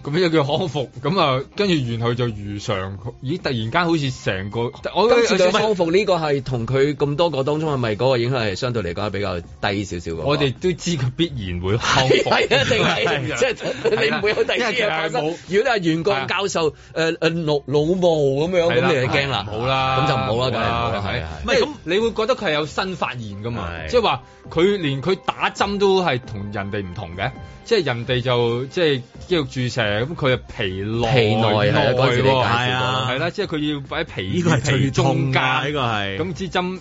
咁呢啲叫康復，咁啊，跟住然後就如常。咦，突然間好似成個，今次嘅康復呢個係同佢咁多個當中係咪嗰個影響係相對嚟講比較低少少嘅？我哋都知佢必然會康復，一定係，即係你唔會有第二，如果阿員工教授誒老老毛咁樣，咁你就驚啦，哎、好啦，咁就唔好啦，梗係係咁，但你會覺得佢係有新發現㗎嘛？即係話佢連佢打針都係同人哋唔同嘅，即係人哋就即係肌肉注射。誒，咁佢係皮內內入啊，係啦，即係佢要擺喺皮呢個係最中間呢，呢個係，咁支針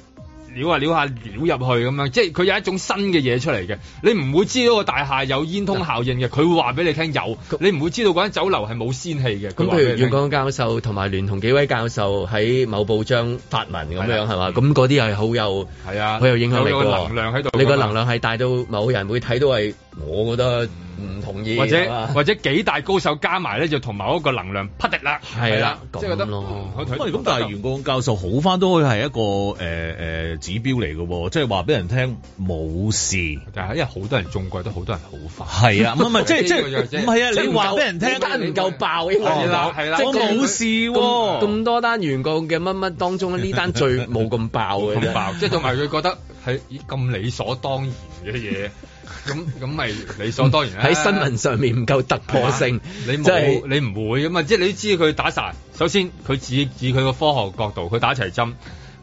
撩下撩下撩入去咁樣，即係佢有一種新嘅嘢出嚟嘅，你唔會知道個大廈有煙通效應嘅，佢，嗯，會話俾你聽有，你唔會知道嗰間酒樓係冇仙氣嘅。咁譬如袁剛教授同埋聯同幾位教授喺某報章發文咁樣係嘛，咁嗰啲係好有係啊，好有影響力嘅能量喺度，你個能量係大到某人會睇到係。我覺得唔同意，或者或者幾大高手加埋咧，就同埋一個能量匹敵啦。係啦、啊啊，即係覺得咯。咁、嗯嗯、但係原告教授好翻，都會係一個誒誒、呃、指標嚟嘅喎，即係話俾人聽冇事。但係因為好多人中貴，都好多人好快。係啊，唔係、嗯啊啊就是、即係即係，唔係、就是、啊！你話俾人聽，單唔夠爆，係啦係啦，我冇事喎。咁多單原告嘅乜乜當中呢單最冇咁爆嘅。即係同埋佢覺得係咁理所當然嘅嘢。咁咁咪理所當然，喺新聞上面唔夠突破性，啊、你冇、就是、你唔會啊嘛！即係你知佢打晒，首先佢以以佢個科學角度，佢打齊針，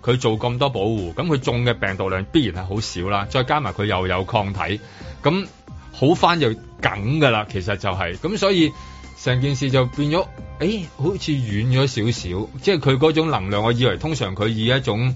佢做咁多保護，咁佢中嘅病毒量必然係好少啦。再加埋佢又有抗體，咁好翻就梗㗎啦。其實就係、是、咁，所以成件事就變咗，誒、欸、好似遠咗少少。即係佢嗰種能量，我以為通常佢以一種。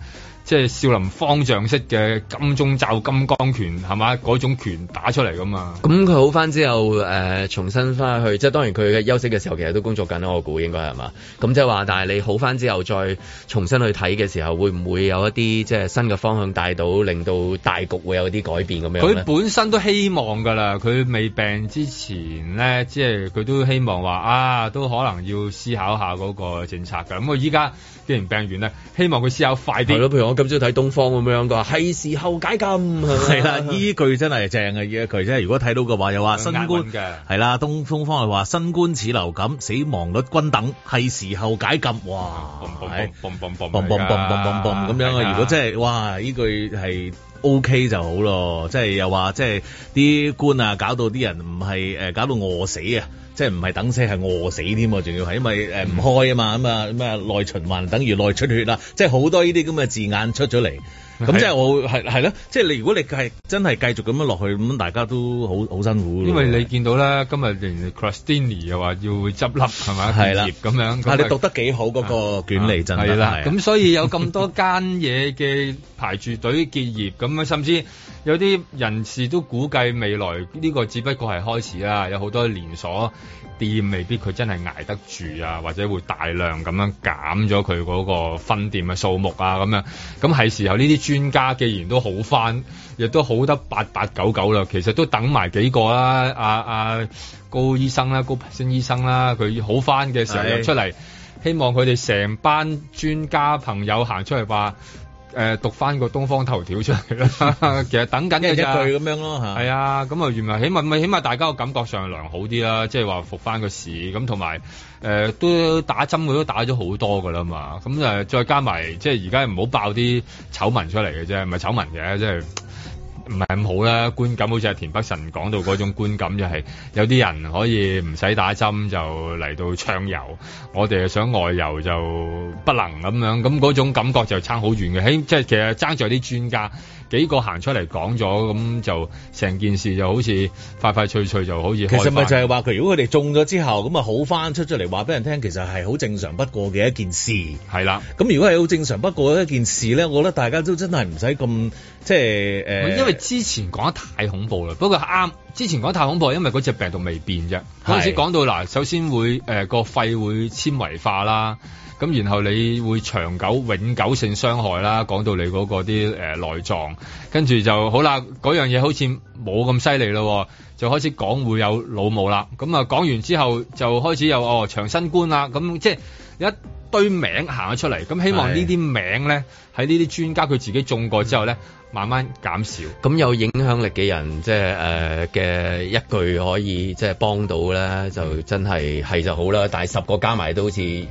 即係少林方丈式嘅金鐘罩金剛拳係咪？嗰種拳打出嚟㗎嘛。咁佢好翻之後，誒、呃、重新翻去，即係當然佢嘅休息嘅時候，其實都工作緊，我估應該係咪？咁即係話，但係你好翻之後再重新去睇嘅時候，會唔會有一啲即係新嘅方向帶到，令到大局會有啲改變咁樣？佢本身都希望㗎啦，佢未病之前咧，即係佢都希望話啊，都可能要思考下嗰個政策㗎。咁佢依家既然病完咧，希望佢思考快啲。係咯，譬如我。咁中意睇東方咁樣，佢話係時候解禁係啦，依 *laughs* 句真係正嘅依一句啫。如果睇到嘅話，又話新冠嘅係啦，東東方係話新冠似流感，死亡率均等，係時候解禁。哇！咁樣啊！如果真係哇，依句係 OK 就好咯，即係又話即係啲官啊，搞到啲人唔係誒，搞到餓死啊！即係唔係等死係餓死添，仲要係因為誒唔開啊嘛，咁啊咁啊內循環等於內出血啦，即係好多呢啲咁嘅字眼出咗嚟。咁、嗯啊、即係我係係啦即係你如果你係真係繼續咁樣落去，咁大家都好好辛苦。因為你見到咧、啊，今日連 Christine 又話要執笠係咪？係、啊、結業咁樣，樣、啊。你讀得幾好嗰、啊嗰個卷離，陣啦、啊，咁所以有咁多間嘢嘅排住隊結業，咁甚至有啲人士都估計未來呢、呢個只不過係開始啦，有好多連鎖。店未必佢真係挨得住啊，或者會大量咁樣減咗佢嗰個分店嘅數目啊，咁樣，咁係時候呢啲專家既然都好翻，亦都好得八八九九啦，其實都等埋幾個啦，阿、啊、阿、啊、高，高醫生啦，高醫生生啦，佢好翻嘅時候又出嚟，希望佢哋成班專家朋友行出嚟話。誒讀翻個《東方頭條》出嚟啦，其實等緊一句咁樣咯嚇。係啊，咁啊，原來起碼咪起碼大家個感覺上良好啲啦，就是嗯呃嗯，即係話復翻個市咁，同埋誒都打針佢都打咗好多噶啦嘛，咁誒再加埋即係而家唔好爆啲醜聞出嚟嘅啫，唔係醜聞嘅，即係。唔係咁好啦，觀感好似阿田北辰講到嗰種觀感，就係有啲人可以唔使打針就嚟到暢遊，我哋想外遊就不能咁樣，咁嗰種感覺就差好遠嘅。即係其實爭咗啲專家幾個行出嚟講咗，咁就成件事就好似快快脆脆就好似。其實咪就係話佢，如果佢哋中咗之後咁啊好翻出出嚟話俾人聽，其實係好正常不過嘅一件事。係啦，咁如果係好正常不過一件事咧，我覺得大家都真係唔使咁即係之前講得太恐怖啦，不過啱之前講太恐怖因為嗰隻病毒未變啫。開始講到嗱，首先會個、呃、肺會纖維化啦，咁然後你會長久永久性傷害啦。講到你嗰、嗰個啲、呃、內臟，跟住就好啦。嗰樣嘢好似冇咁犀利咯，就開始講會有老母啦。咁、嗯、啊講完之後就開始有哦長新冠啦。咁、嗯、即係一堆名行咗出嚟，咁、嗯、希望呢啲名咧喺呢啲專家佢自己中過之後咧。慢慢減少，咁有影響力嘅人，即係誒嘅一句可以即係、就是、幫到咧，就真係係就好啦。但係十個加埋都好似誒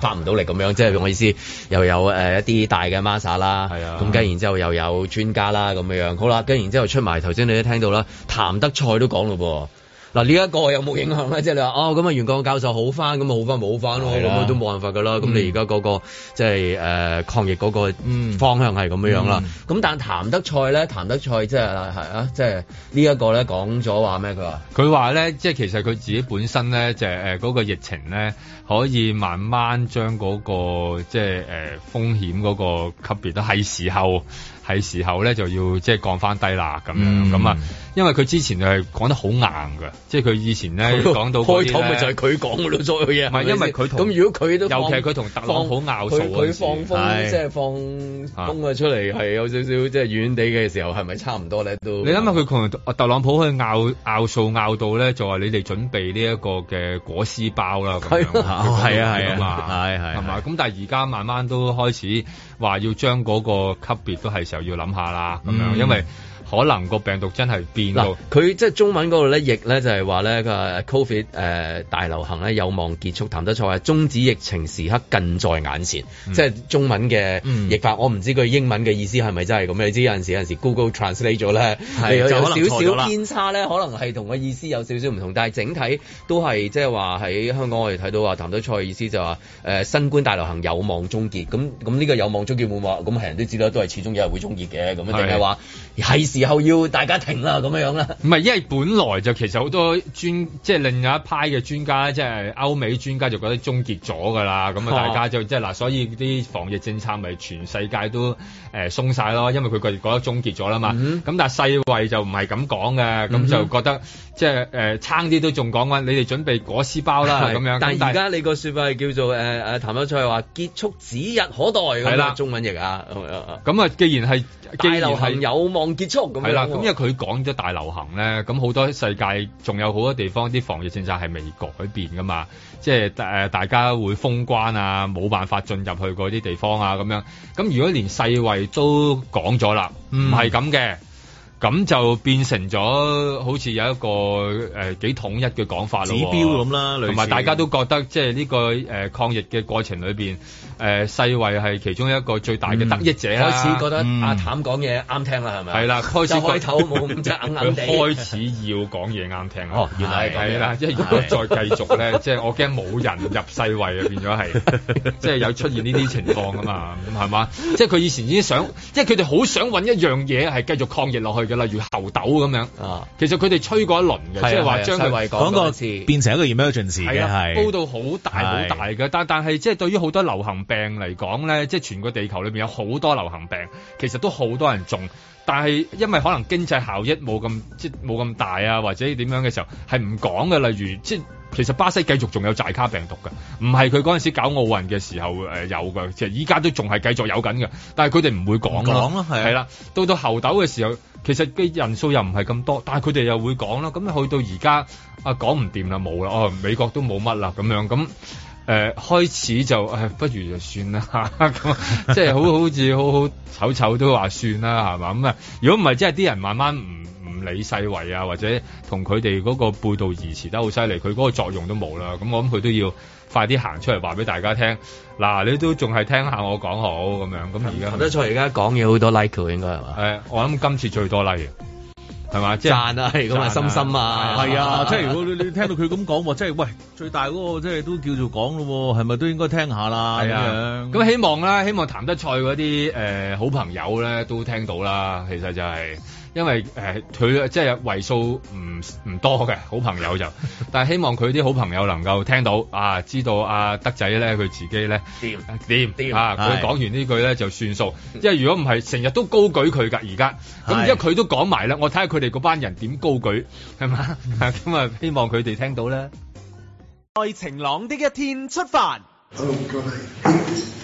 發唔到力咁樣，即係我意思又有一啲大嘅 massa 啦，係啊，咁跟、就是啊呃啊、然之後又有專家啦咁樣，好啦，跟然之後出埋頭先，你都聽到啦，譚德賽都講嘞噃。嗱呢一個有冇影響咧？即、就、係、是、你話哦，咁啊袁國教授好翻，咁啊好翻冇翻咯，咁都冇辦法㗎啦。咁、嗯、你而家嗰個即係誒抗疫嗰個方向係咁樣啦。咁、嗯嗯、但係譚德塞咧，譚德塞即係啊，即、就、係、是這個、呢一個咧講咗話咩？佢話佢話咧，即係其實佢自己本身咧就係、是、嗰個疫情咧，可以慢慢將嗰、那個即係誒風險嗰個級別都係時候。係時候咧就要即係降翻低啦咁樣咁啊、嗯！因為佢之前係講得好硬㗎。即係佢以前咧講到開頭咪就係佢講咗所有嘢，唔係因為佢咁。如果佢都尤其係佢同特朗普拗數，佢放，放，放風即係放風啊出嚟，係有少少即係遠遠地嘅時候，係、啊、咪差唔多咧？都你諗下佢同特朗普去拗拗數拗到咧，就話你哋準備呢一個嘅果絲包啦、啊，係 *laughs* 啊係啊係係係嘛？咁但係而家慢慢都開始話要將嗰個級別都係。又要諗下啦，咁、嗯、樣因為。可能個病毒真係變喎，佢即係中文嗰度咧譯咧就係話咧佢 Covid、呃、大流行咧有望結束。譚德塞話終止疫情時刻近在眼前，嗯、即係中文嘅譯法。嗯、我唔知佢英文嘅意思係咪真係咁、嗯。你知有陣時有陣時 Google translate 咗咧，係有少少偏差咧，可能係同個意思有少少唔同。但係整體都係即係話喺香港我哋睇到話，譚德塞嘅意思就話、是、誒、呃、新冠大流行有望終結。咁咁呢個有望終結冇話，咁係人都知道都係始終有人會終結嘅咁，定係話。係時候要大家停啦，咁樣啦。唔係，因為本來就其實好多專，即係另一派嘅專家，即係歐美專家就覺得終結咗㗎啦。咁啊，大家就即係嗱，所以啲防疫政策咪全世界都誒鬆晒咯。因為佢佢覺得終結咗啦嘛。咁、嗯、但係世衞就唔係咁講嘅，咁、嗯、就覺得即係誒撐啲都仲講緊。你哋準備裹屍包啦咁樣，但係而家你個說法係叫做誒誒譚德塞話結束指日可待㗎啦。中文譯啊咁啊，既然係，既然係大流行有望。嗯、結束咁係啦，咁因為佢講咗大流行咧，咁好多世界仲有好多地方啲防疫政策係未改變噶嘛，即係誒大家會封關啊，冇辦法進入去嗰啲地方啊，咁樣，咁如果連世衛都講咗啦，唔係咁嘅，咁、嗯、就變成咗好似有一個誒幾、呃、統一嘅講法咯，指標咁啦，同埋大家都覺得即係呢、呢個誒、呃、抗疫嘅過程裏邊。誒、呃、世衞係其中一個最大嘅得益者啦、啊嗯，開始覺得阿譚講嘢啱聽啦，係、嗯、咪？係啦，開始鬼頭冇咁即係硬硬開始要講嘢啱聽 *laughs* 哦，係啦，即係如果再繼續咧，即 *laughs* 係我驚冇人入世衞啊，變咗係即係有出現呢啲情況啊嘛，咁係嘛？即係佢以前已經想，即係佢哋好想揾一樣嘢係繼續抗疫落去嘅，例如猴痘咁樣、啊、其實佢哋吹過一輪嘅，即係話將佢衞講過次變成一個 emergency 係啦，高到好大好大嘅，但但係即係對於好多流行病嚟講咧，即係全個地球裏邊有好多流行病，其實都好多人中，但係因為可能經濟效益冇咁即冇咁大啊，或者點樣嘅時候係唔講嘅。例如即係其實巴西繼續仲有寨卡病毒嘅，唔係佢嗰陣時搞奧運嘅時候誒、呃、有嘅，其實依家都仲係繼續有緊嘅，但係佢哋唔會講。講啦，係啦，到到猴痘嘅時候，其實嘅人數又唔係咁多，但係佢哋又會講咯。咁啊去到而家啊講唔掂啦，冇啦，哦，美國都冇乜啦咁樣咁。嗯誒、呃、開始就不如就算啦，咁即係好好似好好醜醜都話算啦，係嘛？咁啊，如果唔係即係啲人慢慢唔唔理世衛啊，或者同佢哋嗰個背道而馳得好犀利，佢嗰個作用都冇啦。咁我諗佢都要快啲行出嚟話俾大家聽。嗱、啊，你都仲係聽下我講好咁樣。咁而家得，出嚟而家講嘢好多 like 佢，應該係嘛、呃？我諗今次最多 like 嘅。係嘛，讚、就是、啊，係咁啊，心心啊，係啊，啊，啊，啊，啊，即係如果你你聽到佢咁講， *laughs* 即係喂，最大嗰個，即係都叫做講咯，係咪都應該聽下啦？咁、啊、希望啦，希望譚德塞嗰啲誒好朋友咧都聽到啦，其實就係、是。因為誒，佢、呃、即係為數唔唔多嘅好朋友就，但係希望佢啲好朋友能夠聽到啊，知道阿、啊、德仔咧，佢自己咧，掂掂啊，佢講、啊、完句呢句咧就算數， *laughs* 即係如果唔係，成日都高舉佢噶而家。咁而家佢都講埋咧，我睇下佢哋嗰班人點高舉係嘛，咁啊 *laughs* 希望佢哋聽到咧。在晴朗的一天出發。Oh *laughs*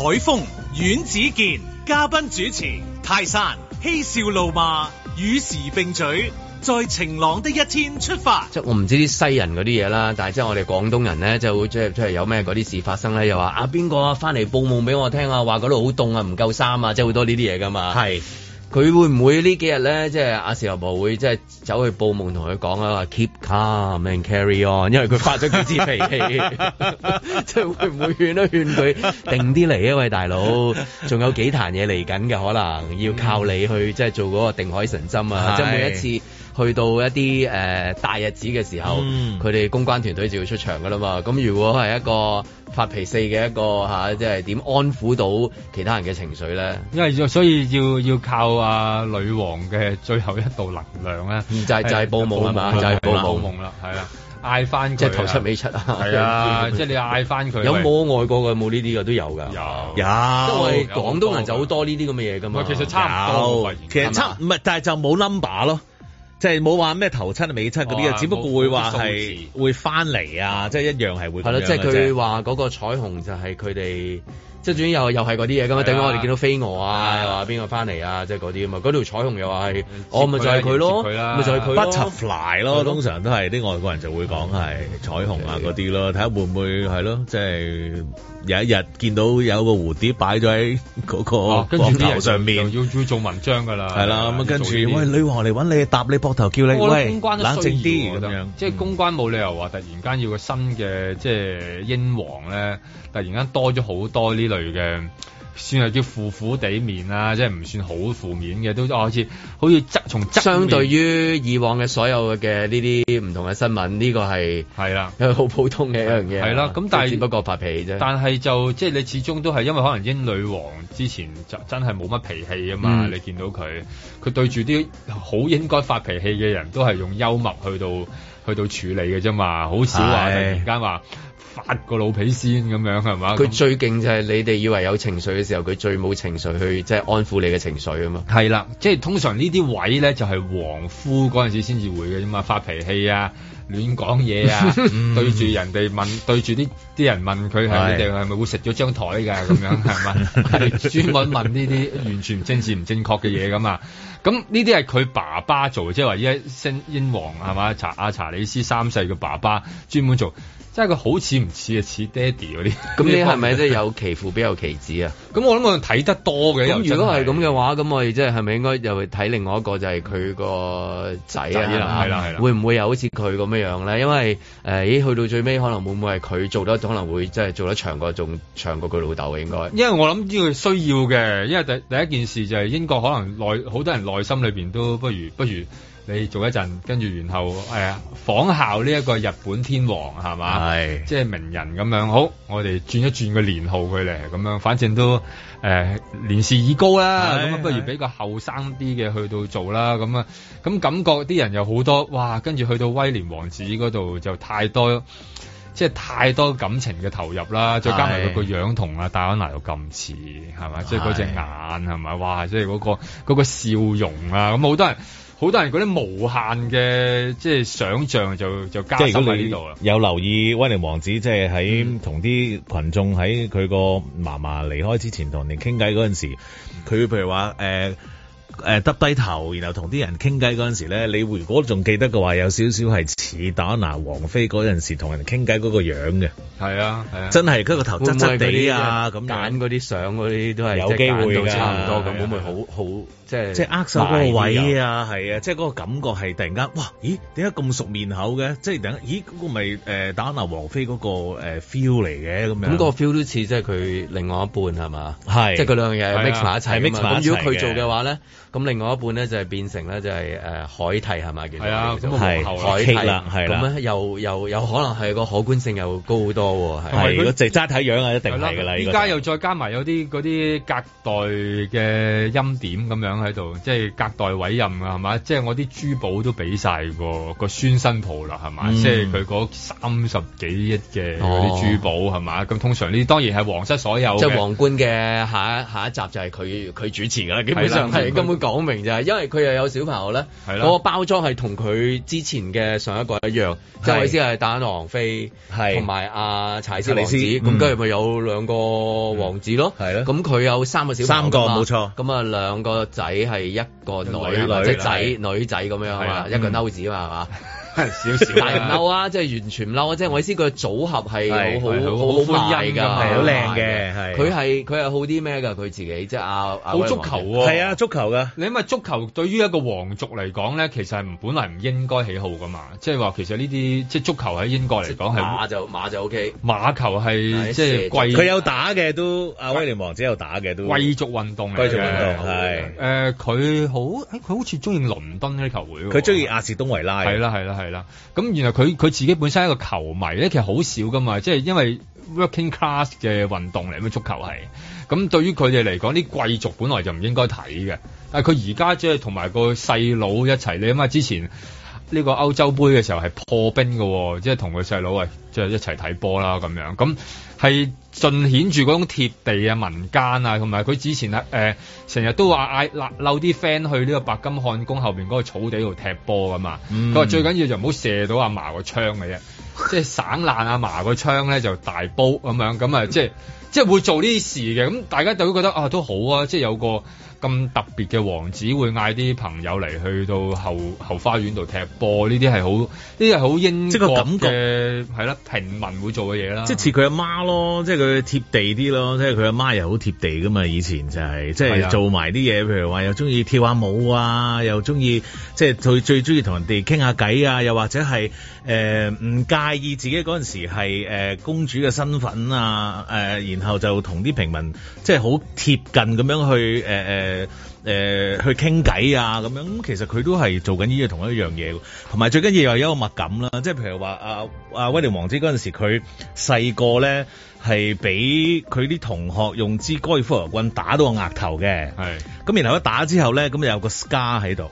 海峰、阮子健，嘉賓主持。泰山、嬉笑怒罵，與時並舉，在晴朗的一天出發。即係我唔知啲西人嗰啲嘢啦，但係即係我哋廣東人咧，即係即係即係有咩嗰啲事發生咧，又話啊邊個翻嚟報夢俾我聽啊，話嗰度好凍啊，唔夠衫啊，即係好多呢啲嘢㗎嘛。係。佢會唔會幾呢幾日咧，即係阿釋候婆會即係走去報夢同佢講啊，Keep calm and carry on，因為佢發咗幾支脾氣 *laughs* *laughs* 會會勸勸，即係會唔會勸一勸佢定啲嚟啊？喂大，大佬，仲有幾壇嘢嚟緊嘅，可能要靠你去即係做嗰個定海神針啊！ *laughs* 即係每一次。去到一啲誒、呃、大日子嘅時候，佢、嗯、哋公關團隊就要出場噶啦嘛。咁如果係一個發脾氣嘅一個、啊、即係點安撫到其他人嘅情緒咧？因為所以要要靠阿、啊、女王嘅最後一道能量咧、啊嗯，就係就係報夢啦，就係、是、報夢啦，係、哎、啊，嗌翻即係頭七尾七啊，係啊， *laughs* 啊，即係你嗌翻佢。有冇外國嘅冇呢啲嘅都有噶，有。因為有廣東人就好多呢啲咁嘅嘢噶嘛。其實差唔多，其實差唔係，但係就冇 number 咯。即係冇話咩頭七、尾七嗰啲啊，只不過會話係會翻嚟啊，嗯、即係一樣係會係咯。即係佢話嗰個彩虹就係佢哋，即係總之又又係嗰啲嘢咁樣等於我哋見到飛蛾啊，又話邊個翻嚟啊，即係嗰啲啊嘛？嗰、就、條、是、彩虹又話係、啊，我咪就係佢咯，咪就係佢。Butterfly 咯,咯、啊，通常都係啲外國人就會講係彩虹啊嗰啲咯，睇下、啊、會唔會係咯，即係、啊。就是有一日見到有個蝴蝶擺咗喺嗰個膊頭上面、啊，要要做文章㗎啦。係啦，咁啊跟住，喂女王嚟搵你，搭你膊頭叫你、哦、喂公關冷靜啲，咁、啊、樣即係公關冇理由話突然間要個新嘅，即係英皇咧、嗯，突然間多咗好多呢類嘅。算係叫負負地面啦、啊，即係唔算好負面嘅，都好似好似側從相對於以往嘅所有嘅呢啲唔同嘅新聞，呢、呢個係係啦，係好普通嘅一樣嘢。係啦，咁但係不過發脾氣啫。但係就即係你始終都係因為可能英女王之前就真真係冇乜脾氣啊嘛、嗯，你見到佢，佢對住啲好應該發脾氣嘅人都係用幽默去到去到處理嘅啫嘛，好少話突然間話。八個老皮先咁樣係嘛？佢最勁就係你哋以為有情緒嘅時候，佢最冇情緒去即係、就是、安撫你嘅情緒啊嘛。係啦，即係通常呢啲位咧就係、是、皇夫嗰陣時先至會嘅啫嘛，發脾氣啊，亂講嘢啊， *laughs* 對住人哋問，對住啲啲人問佢係， *laughs* 你哋係咪會食咗張台噶咁樣係嘛？專門問呢啲完全唔政治唔正確嘅嘢咁嘛。咁呢啲係佢爸爸做，即係話依家英英皇係嘛查阿查理斯三世嘅爸爸專門做。真係佢好似唔似啊，似爹哋嗰啲，咁你係咪即係有其父必有其子啊？咁 *laughs* 我諗我睇得多嘅，咁如果係咁嘅話，咁我哋即係係咪應該又會睇另外一個就係佢個仔啊？係啦係啦，會唔會又好似佢咁樣樣咧？因為誒，咦、呃、去到最尾可能會唔會係佢做得可能會即係做得長過仲長過佢老豆應該，因為我諗呢個需要嘅，因為第第一件事就係英國可能內好多人內心裏邊都不如不如。你做一陣，跟住然後誒仿效呢一個日本天皇係嘛？係即係名人咁樣。好，我哋轉一轉個年號佢嚟咁樣，反正都誒年事已高啦，咁不如俾個後生啲嘅去到做啦。咁啊，咁感覺啲人有好多哇！跟住去到威廉王子嗰度就太多，即係太多感情嘅投入啦。再加埋佢個樣同阿戴安娜又咁似係咪？即係嗰隻眼係咪？哇！即係嗰個嗰個笑容啊！咁好多人。好多人嗰啲無限嘅即係想象就就加咗喺呢度啦。有留意威廉王子即係喺同啲群眾喺佢個嫲嫲離開之前同人哋傾偈嗰陣時，佢譬如話誒。呃誒耷低頭，然後同啲人傾偈嗰陣時咧，你如果仲記得嘅話，有少少係似打拿王妃嗰陣時同人傾偈嗰個樣嘅，係啊，啊，真係佢個頭側側地啊，咁揀嗰啲相嗰啲都係有機會噶，差唔多咁、啊，會唔會、啊、好、啊、好即係即係握手嗰個位啊？係啊，即係嗰個感覺係突然間，哇！咦？點解咁熟面口嘅？即係突然間，咦？嗰、那個咪誒、呃、打拿王妃嗰個 feel 嚟嘅咁樣，咁、那、嗰個 feel 都似即係佢另外一半係嘛？係，即係佢兩樣嘢 mix 埋一齊、啊、mix 埋一齊。咁如果佢做嘅話咧？咁另外一半咧就係、是、變成咧就係、是、誒、呃、海蒂係嘛叫？係啊，咁、那、皇、個、后、啊、海蒂啦，咁啦，又又有可能係個可觀性又高好多喎、哦。同埋如果淨係齋睇樣啊，一定係㗎啦。而家又再加埋有啲嗰啲隔代嘅欽點咁樣喺度，即係隔代委任啊，係嘛？即係我啲珠寶都俾曬個孫新抱啦，係嘛、嗯？即係佢嗰三十幾億嘅嗰啲珠寶係嘛？咁通常呢當然係皇室所有。即係皇冠嘅下一下一集就係佢佢主持㗎啦，基本上係根本。講明就係，因為佢又有小朋友咧，嗰、那個包裝係同佢之前嘅上一個一樣，是即係意思係打王妃，係同埋阿柴斯王子，咁跟住咪有兩個王子咯，係、嗯、咯，咁佢有三個小三個冇錯，咁啊兩個仔係一個女或者仔女仔咁樣啊，一個嬲子嘛係嘛。是吧嗯 *laughs* *laughs* 少少的、啊， *laughs* 唔嬲啊！即係完全唔嬲啊！即係我意思，佢嘅組合係好好好歡欣㗎，係好靚嘅。係佢係佢係好啲咩㗎？佢自己即係、啊、阿好、啊、足球係啊，啊，足球㗎！你因為足球對於一個皇族嚟講咧，其實唔本來唔應該喜好㗎嘛。即係話其實呢啲即係足球喺英國嚟講係馬就馬就 OK。馬球係即係貴，佢、就是、有打嘅都阿、啊、威廉王子有打嘅都貴族運動貴族運動。貴族運動嚟嘅係。誒佢、呃、好佢好似中意倫敦啲球會，佢中意亞士東維拉。係啦係啦係。啦、嗯，咁原來佢佢自己本身係一個球迷咧，其實好少噶嘛，即係因為 working class 嘅運動嚟，咁足球係咁對於佢哋嚟講，啲貴族本來就唔應該睇嘅，但係佢而家即係同埋個細佬一齊，你諗下之前。呢、這個歐洲杯嘅時候係破冰嘅、哦，即係同佢細佬啊，即係一齊睇波啦咁樣。咁係盡顯住嗰種貼地啊、民間啊，同埋佢之前係誒成日都話嗌鬧溜啲 friend 去呢個白金漢宮後邊嗰個草地度踢波噶嘛。佢、嗯、話最緊要就唔好射到阿嫲個窗嘅啫， *laughs* 即係省爛阿嫲個窗咧就大煲咁樣。咁啊，即係即係會做呢啲事嘅。咁大家就會覺得啊，都好啊，即係有個。咁特別嘅王子會嗌啲朋友嚟去到後後花園度踢波，呢啲係好呢啲係好英國嘅、即個感覺、係啦，平民會做嘅嘢啦。即係似佢阿媽咯，即係佢貼地啲咯。即係佢阿媽又好貼地噶嘛，以前就係、是、即係做埋啲嘢，譬如話又中意跳下舞啊，又中意即係佢最中意同人哋傾下偈啊，又或者係誒唔介意自己嗰陣時係、呃、公主嘅身份啊，誒、呃、然後就同啲平民即係好貼近咁樣去誒、呃呃誒、呃、誒，去傾偈啊，咁樣咁，其實佢都係做緊呢一樣同一樣嘢，同埋最緊要又有一個物感啦。即係譬如話啊阿、啊、威廉王子嗰陣時，佢細個咧係俾佢啲同學用支高爾夫球棍打到個額頭嘅，係。咁然後一打之後咧，咁有個 scar 喺度，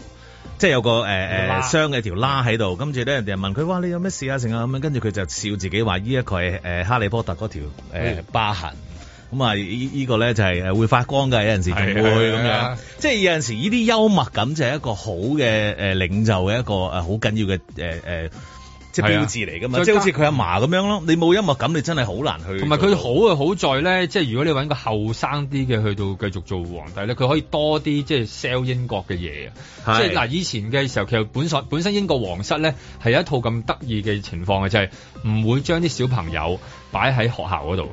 即係有個誒誒、呃、傷嘅條拉喺度。跟住咧，人哋問佢：哇，你有咩事啊？成啊？咁樣。跟住佢就笑自己話：呢一個係誒、呃《哈利波特》嗰條誒疤痕。咁、嗯、啊，這個、呢依個咧就係、是、誒會發光嘅，有陣時會咁樣。即係有陣時呢啲幽默感就係一個好嘅誒領袖嘅一個好緊要嘅誒誒，即係標誌嚟噶嘛。即係好似佢阿嫲咁樣咯，你冇幽默感，你真係好難去好。同埋佢好啊，好在咧，即係如果你搵個後生啲嘅去到繼續做皇帝咧，佢可以多啲即係 sell 英國嘅嘢啊。即係嗱，以前嘅時候其實本本身英國皇室咧係有一套咁得意嘅情況嘅，就係、是、唔會將啲小朋友擺喺學校嗰度嘅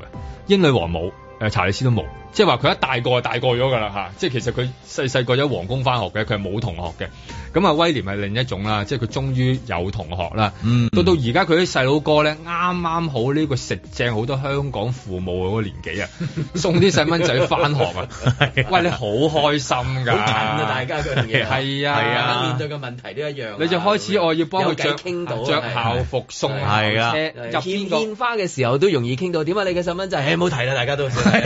英女皇冇。誒查理斯都冇，即係話佢一大個就大個咗㗎啦吓，即係其實佢細細個喺皇宮翻學嘅，佢係冇同學嘅。咁啊，威廉係另一種啦，即係佢終於有同學啦。嗯，到到而家佢啲細佬哥咧，啱啱好呢個食正好多香港父母嗰個年紀 *laughs* *laughs* 啊，送啲細蚊仔翻學啊，喂你好開心㗎，好 *laughs* 近啊大家一樣嘢，係啊，啊、面對嘅問題都一樣，啊、你就開始我要幫佢着，傾到着校服是啊是啊送校車，獻、啊啊、花嘅時候都容易傾到。點解、啊、你嘅細蚊仔，誒唔好提啦，大家都、 *laughs* 哎，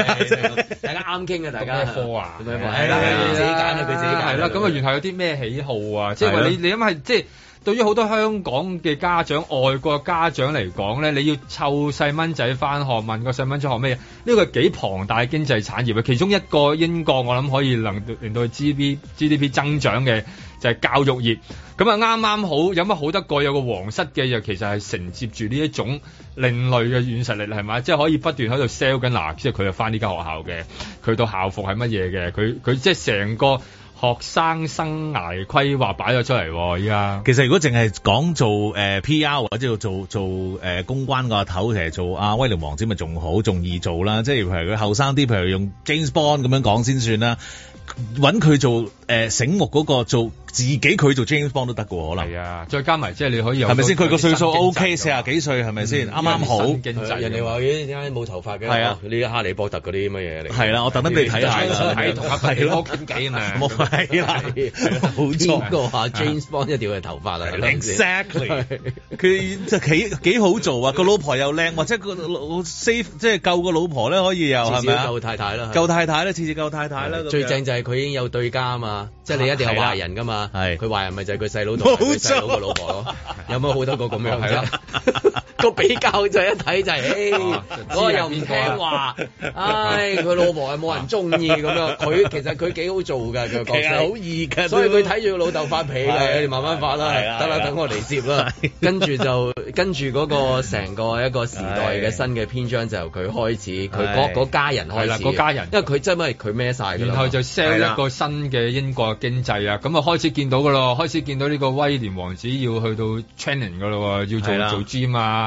大家啱傾嘅大家。咩科 *laughs* *laughs* *laughs* 啊？啦、啊，自己揀啊，佢自己。係啦、啊，咁啊，然後有啲咩喜好即係你是你諗係即係對於好多香港嘅家長、外國家長嚟講咧，你要湊細蚊仔翻學，問個細蚊仔學咩？呢個係幾龐大嘅經濟產業啊！其中一個英國我諗可以令令到 G B G D P 增長嘅就係教育業。咁啊啱啱好有乜好得過有個皇室嘅嘢，其實係承接住呢一種另類嘅軟實力啦，係咪？即係可以不斷喺度 sell 緊嗱，即係佢就翻呢間學校嘅，佢到校服係乜嘢嘅，佢佢即係成個。學生生涯規劃擺咗出嚟喎、哦，依家其實如果淨係講做誒、呃、P.R. 或者做做做誒、呃、公關個阿頭，其實做阿、啊、威廉王子咪仲好，仲易做啦。即係譬如佢後生啲，譬如用 James Bond 咁樣講先算啦，揾佢做誒、呃、醒目嗰個做。自己佢做 James Bond 都得嘅，可能係啊，再加埋即係你可以是是，係咪先？佢個歲數 OK，四十幾歲係咪先？啱啱、嗯、好。人哋話咦，點解冇頭髮嘅？係啊，呢、啊、啲哈利波特嗰啲乜嘢嚟？係啦、啊，我特登畀你睇下啦。係咯，係咯計啊？係啦，冇錯。邊個 James Bond 一定係頭髮啊？Exactly，佢就幾幾好做啊！個老婆又靚，或者個老 safe，即係夠個老婆咧可以有係咪啊？夠太太啦，夠太太啦，次次夠太太啦。最正就係佢已經有對家啊嘛。啊、即係你一定係壞人㗎嘛，係佢壞人咪就係佢細佬同佢細佬個老婆咯， *laughs* 有乜好得過咁樣？ *laughs* 是的 *laughs* 個 *laughs* 比較一就一睇就，唉、哎，嗰、那個又唔聽話，唉、哎，佢老婆又冇人中意咁樣，佢其實佢幾好做噶，其實好角色其實易嘅，所以佢睇住個老豆發脾氣，你慢慢發啦，得啦，等我嚟接啦，跟住就跟住嗰個成個一個時代嘅新嘅篇章就由佢開始，佢嗰家人開始，嗰家人，因為佢真係佢孭晒，然後就 sell 一個新嘅英國經濟啊，咁啊開始見到噶咯，開始見到呢個威廉王子要去到 training 噶咯，要做做 gym 啊。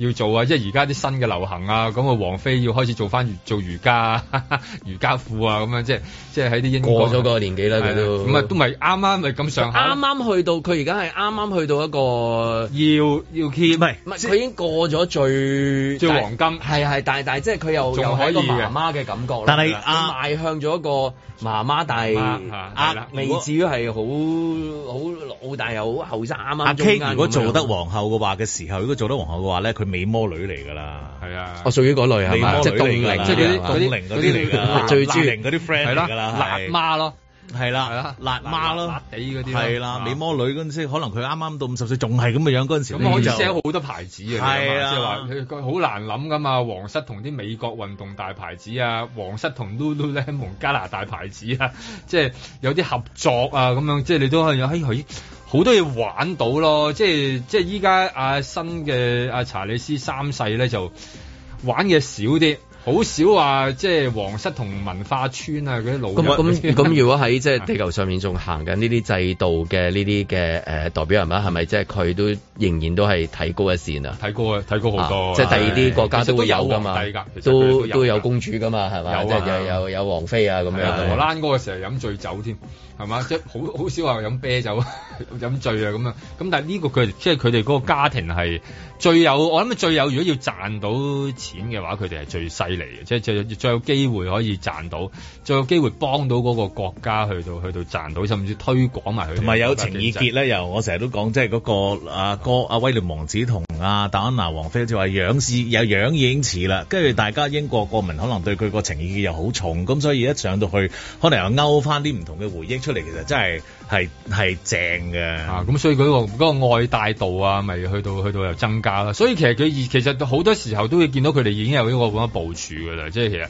要做啊！即係而家啲新嘅流行啊，咁啊，王菲要開始做翻做瑜伽啊，哈哈瑜伽褲啊，咁樣即係即係喺啲英國過咗個年紀啦，佢、啊、都唔係都咪啱啱咪咁上下啱啱去到佢而家係啱啱去到一個要要 keep 唔係佢已經過咗最最黃金係係，但係但係即係佢又可以又係一個媽媽嘅感覺，但係邁、啊、向咗一個媽媽，但係、啊啊、未至於係好好老大又好剛好後生啱啱，如果做得皇后嘅話嘅時候，如果做得皇后嘅話咧，佢。美魔女嚟㗎啦，係啊，我、哦、屬於嗰類係即係即係嗰啲嗰啲嚟㗎，最中意嗰啲 friend 係啦，辣媽咯，係啦、啊，係啦、啊，辣媽咯，啊辣媽咯啊、辣地嗰啲係啦，美魔女嗰陣時可能佢啱啱到五十歲仲係咁嘅樣嗰陣時，咁、啊、我就 sell 好多牌子啊，係啊，即係話佢好難諗㗎嘛，皇室同啲美國運動大牌子啊，皇室同 Lululemon 加拿大牌子啊，即、就、係、是、有啲合作啊，咁樣即係、就是、你都可以喺佢。好多嘢玩到咯，即係即係依家阿新嘅阿、啊、查理斯三世咧就玩嘅少啲，好少話即係皇室同文化村啊嗰啲老。咁咁咁，如果喺即係地球上面仲行緊呢啲制度嘅呢啲嘅誒代表人物，係咪即係佢都仍然都係睇高一線高高啊？睇高啊，睇高好多。即係第二啲國家都會有噶嘛？都有都，有都有公主噶嘛？係咪？即有有王妃啊咁樣。荷蘭哥成日飲醉酒添。係 *laughs* 嘛？即好好少話飲啤酒、飲 *laughs* 醉啊咁樣。咁但呢、呢個佢即係佢哋嗰個家庭係最有，我諗最有。如果要賺到錢嘅話，佢哋係最犀利嘅，即、就、係、係、最，最有機會可以賺到，最有機會幫到嗰個國家去到去到賺到，甚至推廣埋。同埋有，有情意結咧，又我成日都講，即係嗰個阿、啊啊、哥阿、啊、威廉王子同阿戴安娜王妃就，就係話樣有樣已經似啦。跟住大家英國國民可能對佢個情意結又好重，咁所以一上到去，可能又勾翻啲唔同嘅回憶出嚟其實真係係係正嘅吓，咁、啊、所以嗰、個嗰、個外帶度啊，咪去到去到又增加啦。所以其實佢二其實好多時候都會見到佢哋已經有呢個咁嘅部署嘅啦。即係其實。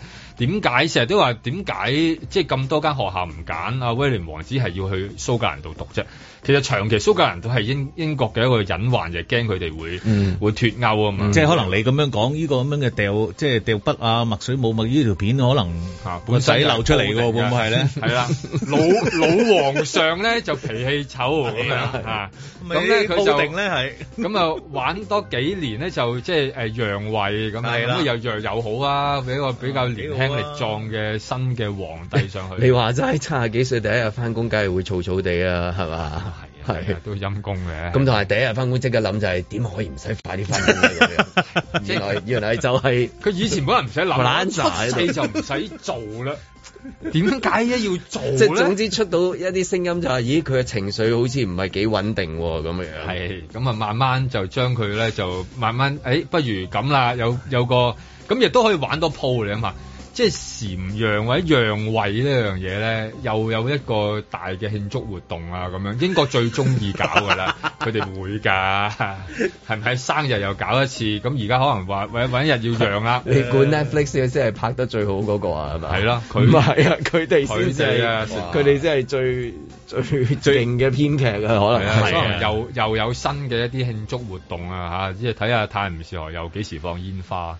點解成日都話點解即係咁多間學校唔揀阿威廉王子係要去蘇格蘭度讀啫？其實長期蘇格蘭都係英英國嘅一個隱患，就係驚佢哋會會脫歐啊嘛。即係可能你咁樣講呢個咁樣嘅掉即係掉筆啊墨水冇墨呢條片，可能嚇唔使漏出嚟嘅喎，會唔會係咧？係啦，老老皇上咧就脾氣醜咁樣嚇，咁咧佢就咁啊玩多幾年咧就即係誒揚威咁啊，咁啊又弱又好啊，俾個比較年輕。係撞嘅新嘅皇帝上去，你說真。你話齋七廿幾歲，第一日翻工，梗係會嘈嘈地啊，係嘛？係係都陰功嘅。咁同埋第一日翻工，即刻諗就係點可以唔使快啲翻工原來原來就係、是、佢以前本人唔使諗，懶 *laughs* 晒，就唔使做啦。點解咧要做呢？即係總之出到一啲聲音、就是，就係咦，佢嘅情緒好似唔係幾穩定咁樣。係咁啊，就慢慢就將佢咧就慢慢誒、哎，不如咁啦，有有個咁亦都可以玩多鋪，你即係禪讓或者讓位，位呢樣嘢咧，又有一個大嘅慶祝活動啊！咁樣英國最中意搞噶啦，佢 *laughs* 哋會噶，係咪生日又搞一次？咁而家可能話搵一日要讓啦。你管 Netflix 先係拍得最好嗰個啊？係 *laughs* 咪？係咯，佢唔係啊，佢哋先係，佢哋先係最最最勁嘅編劇啊！可能又、啊啊啊、又有新嘅一啲慶祝活動啊！吓、啊，即係睇下泰晤士河又幾時放煙花、啊。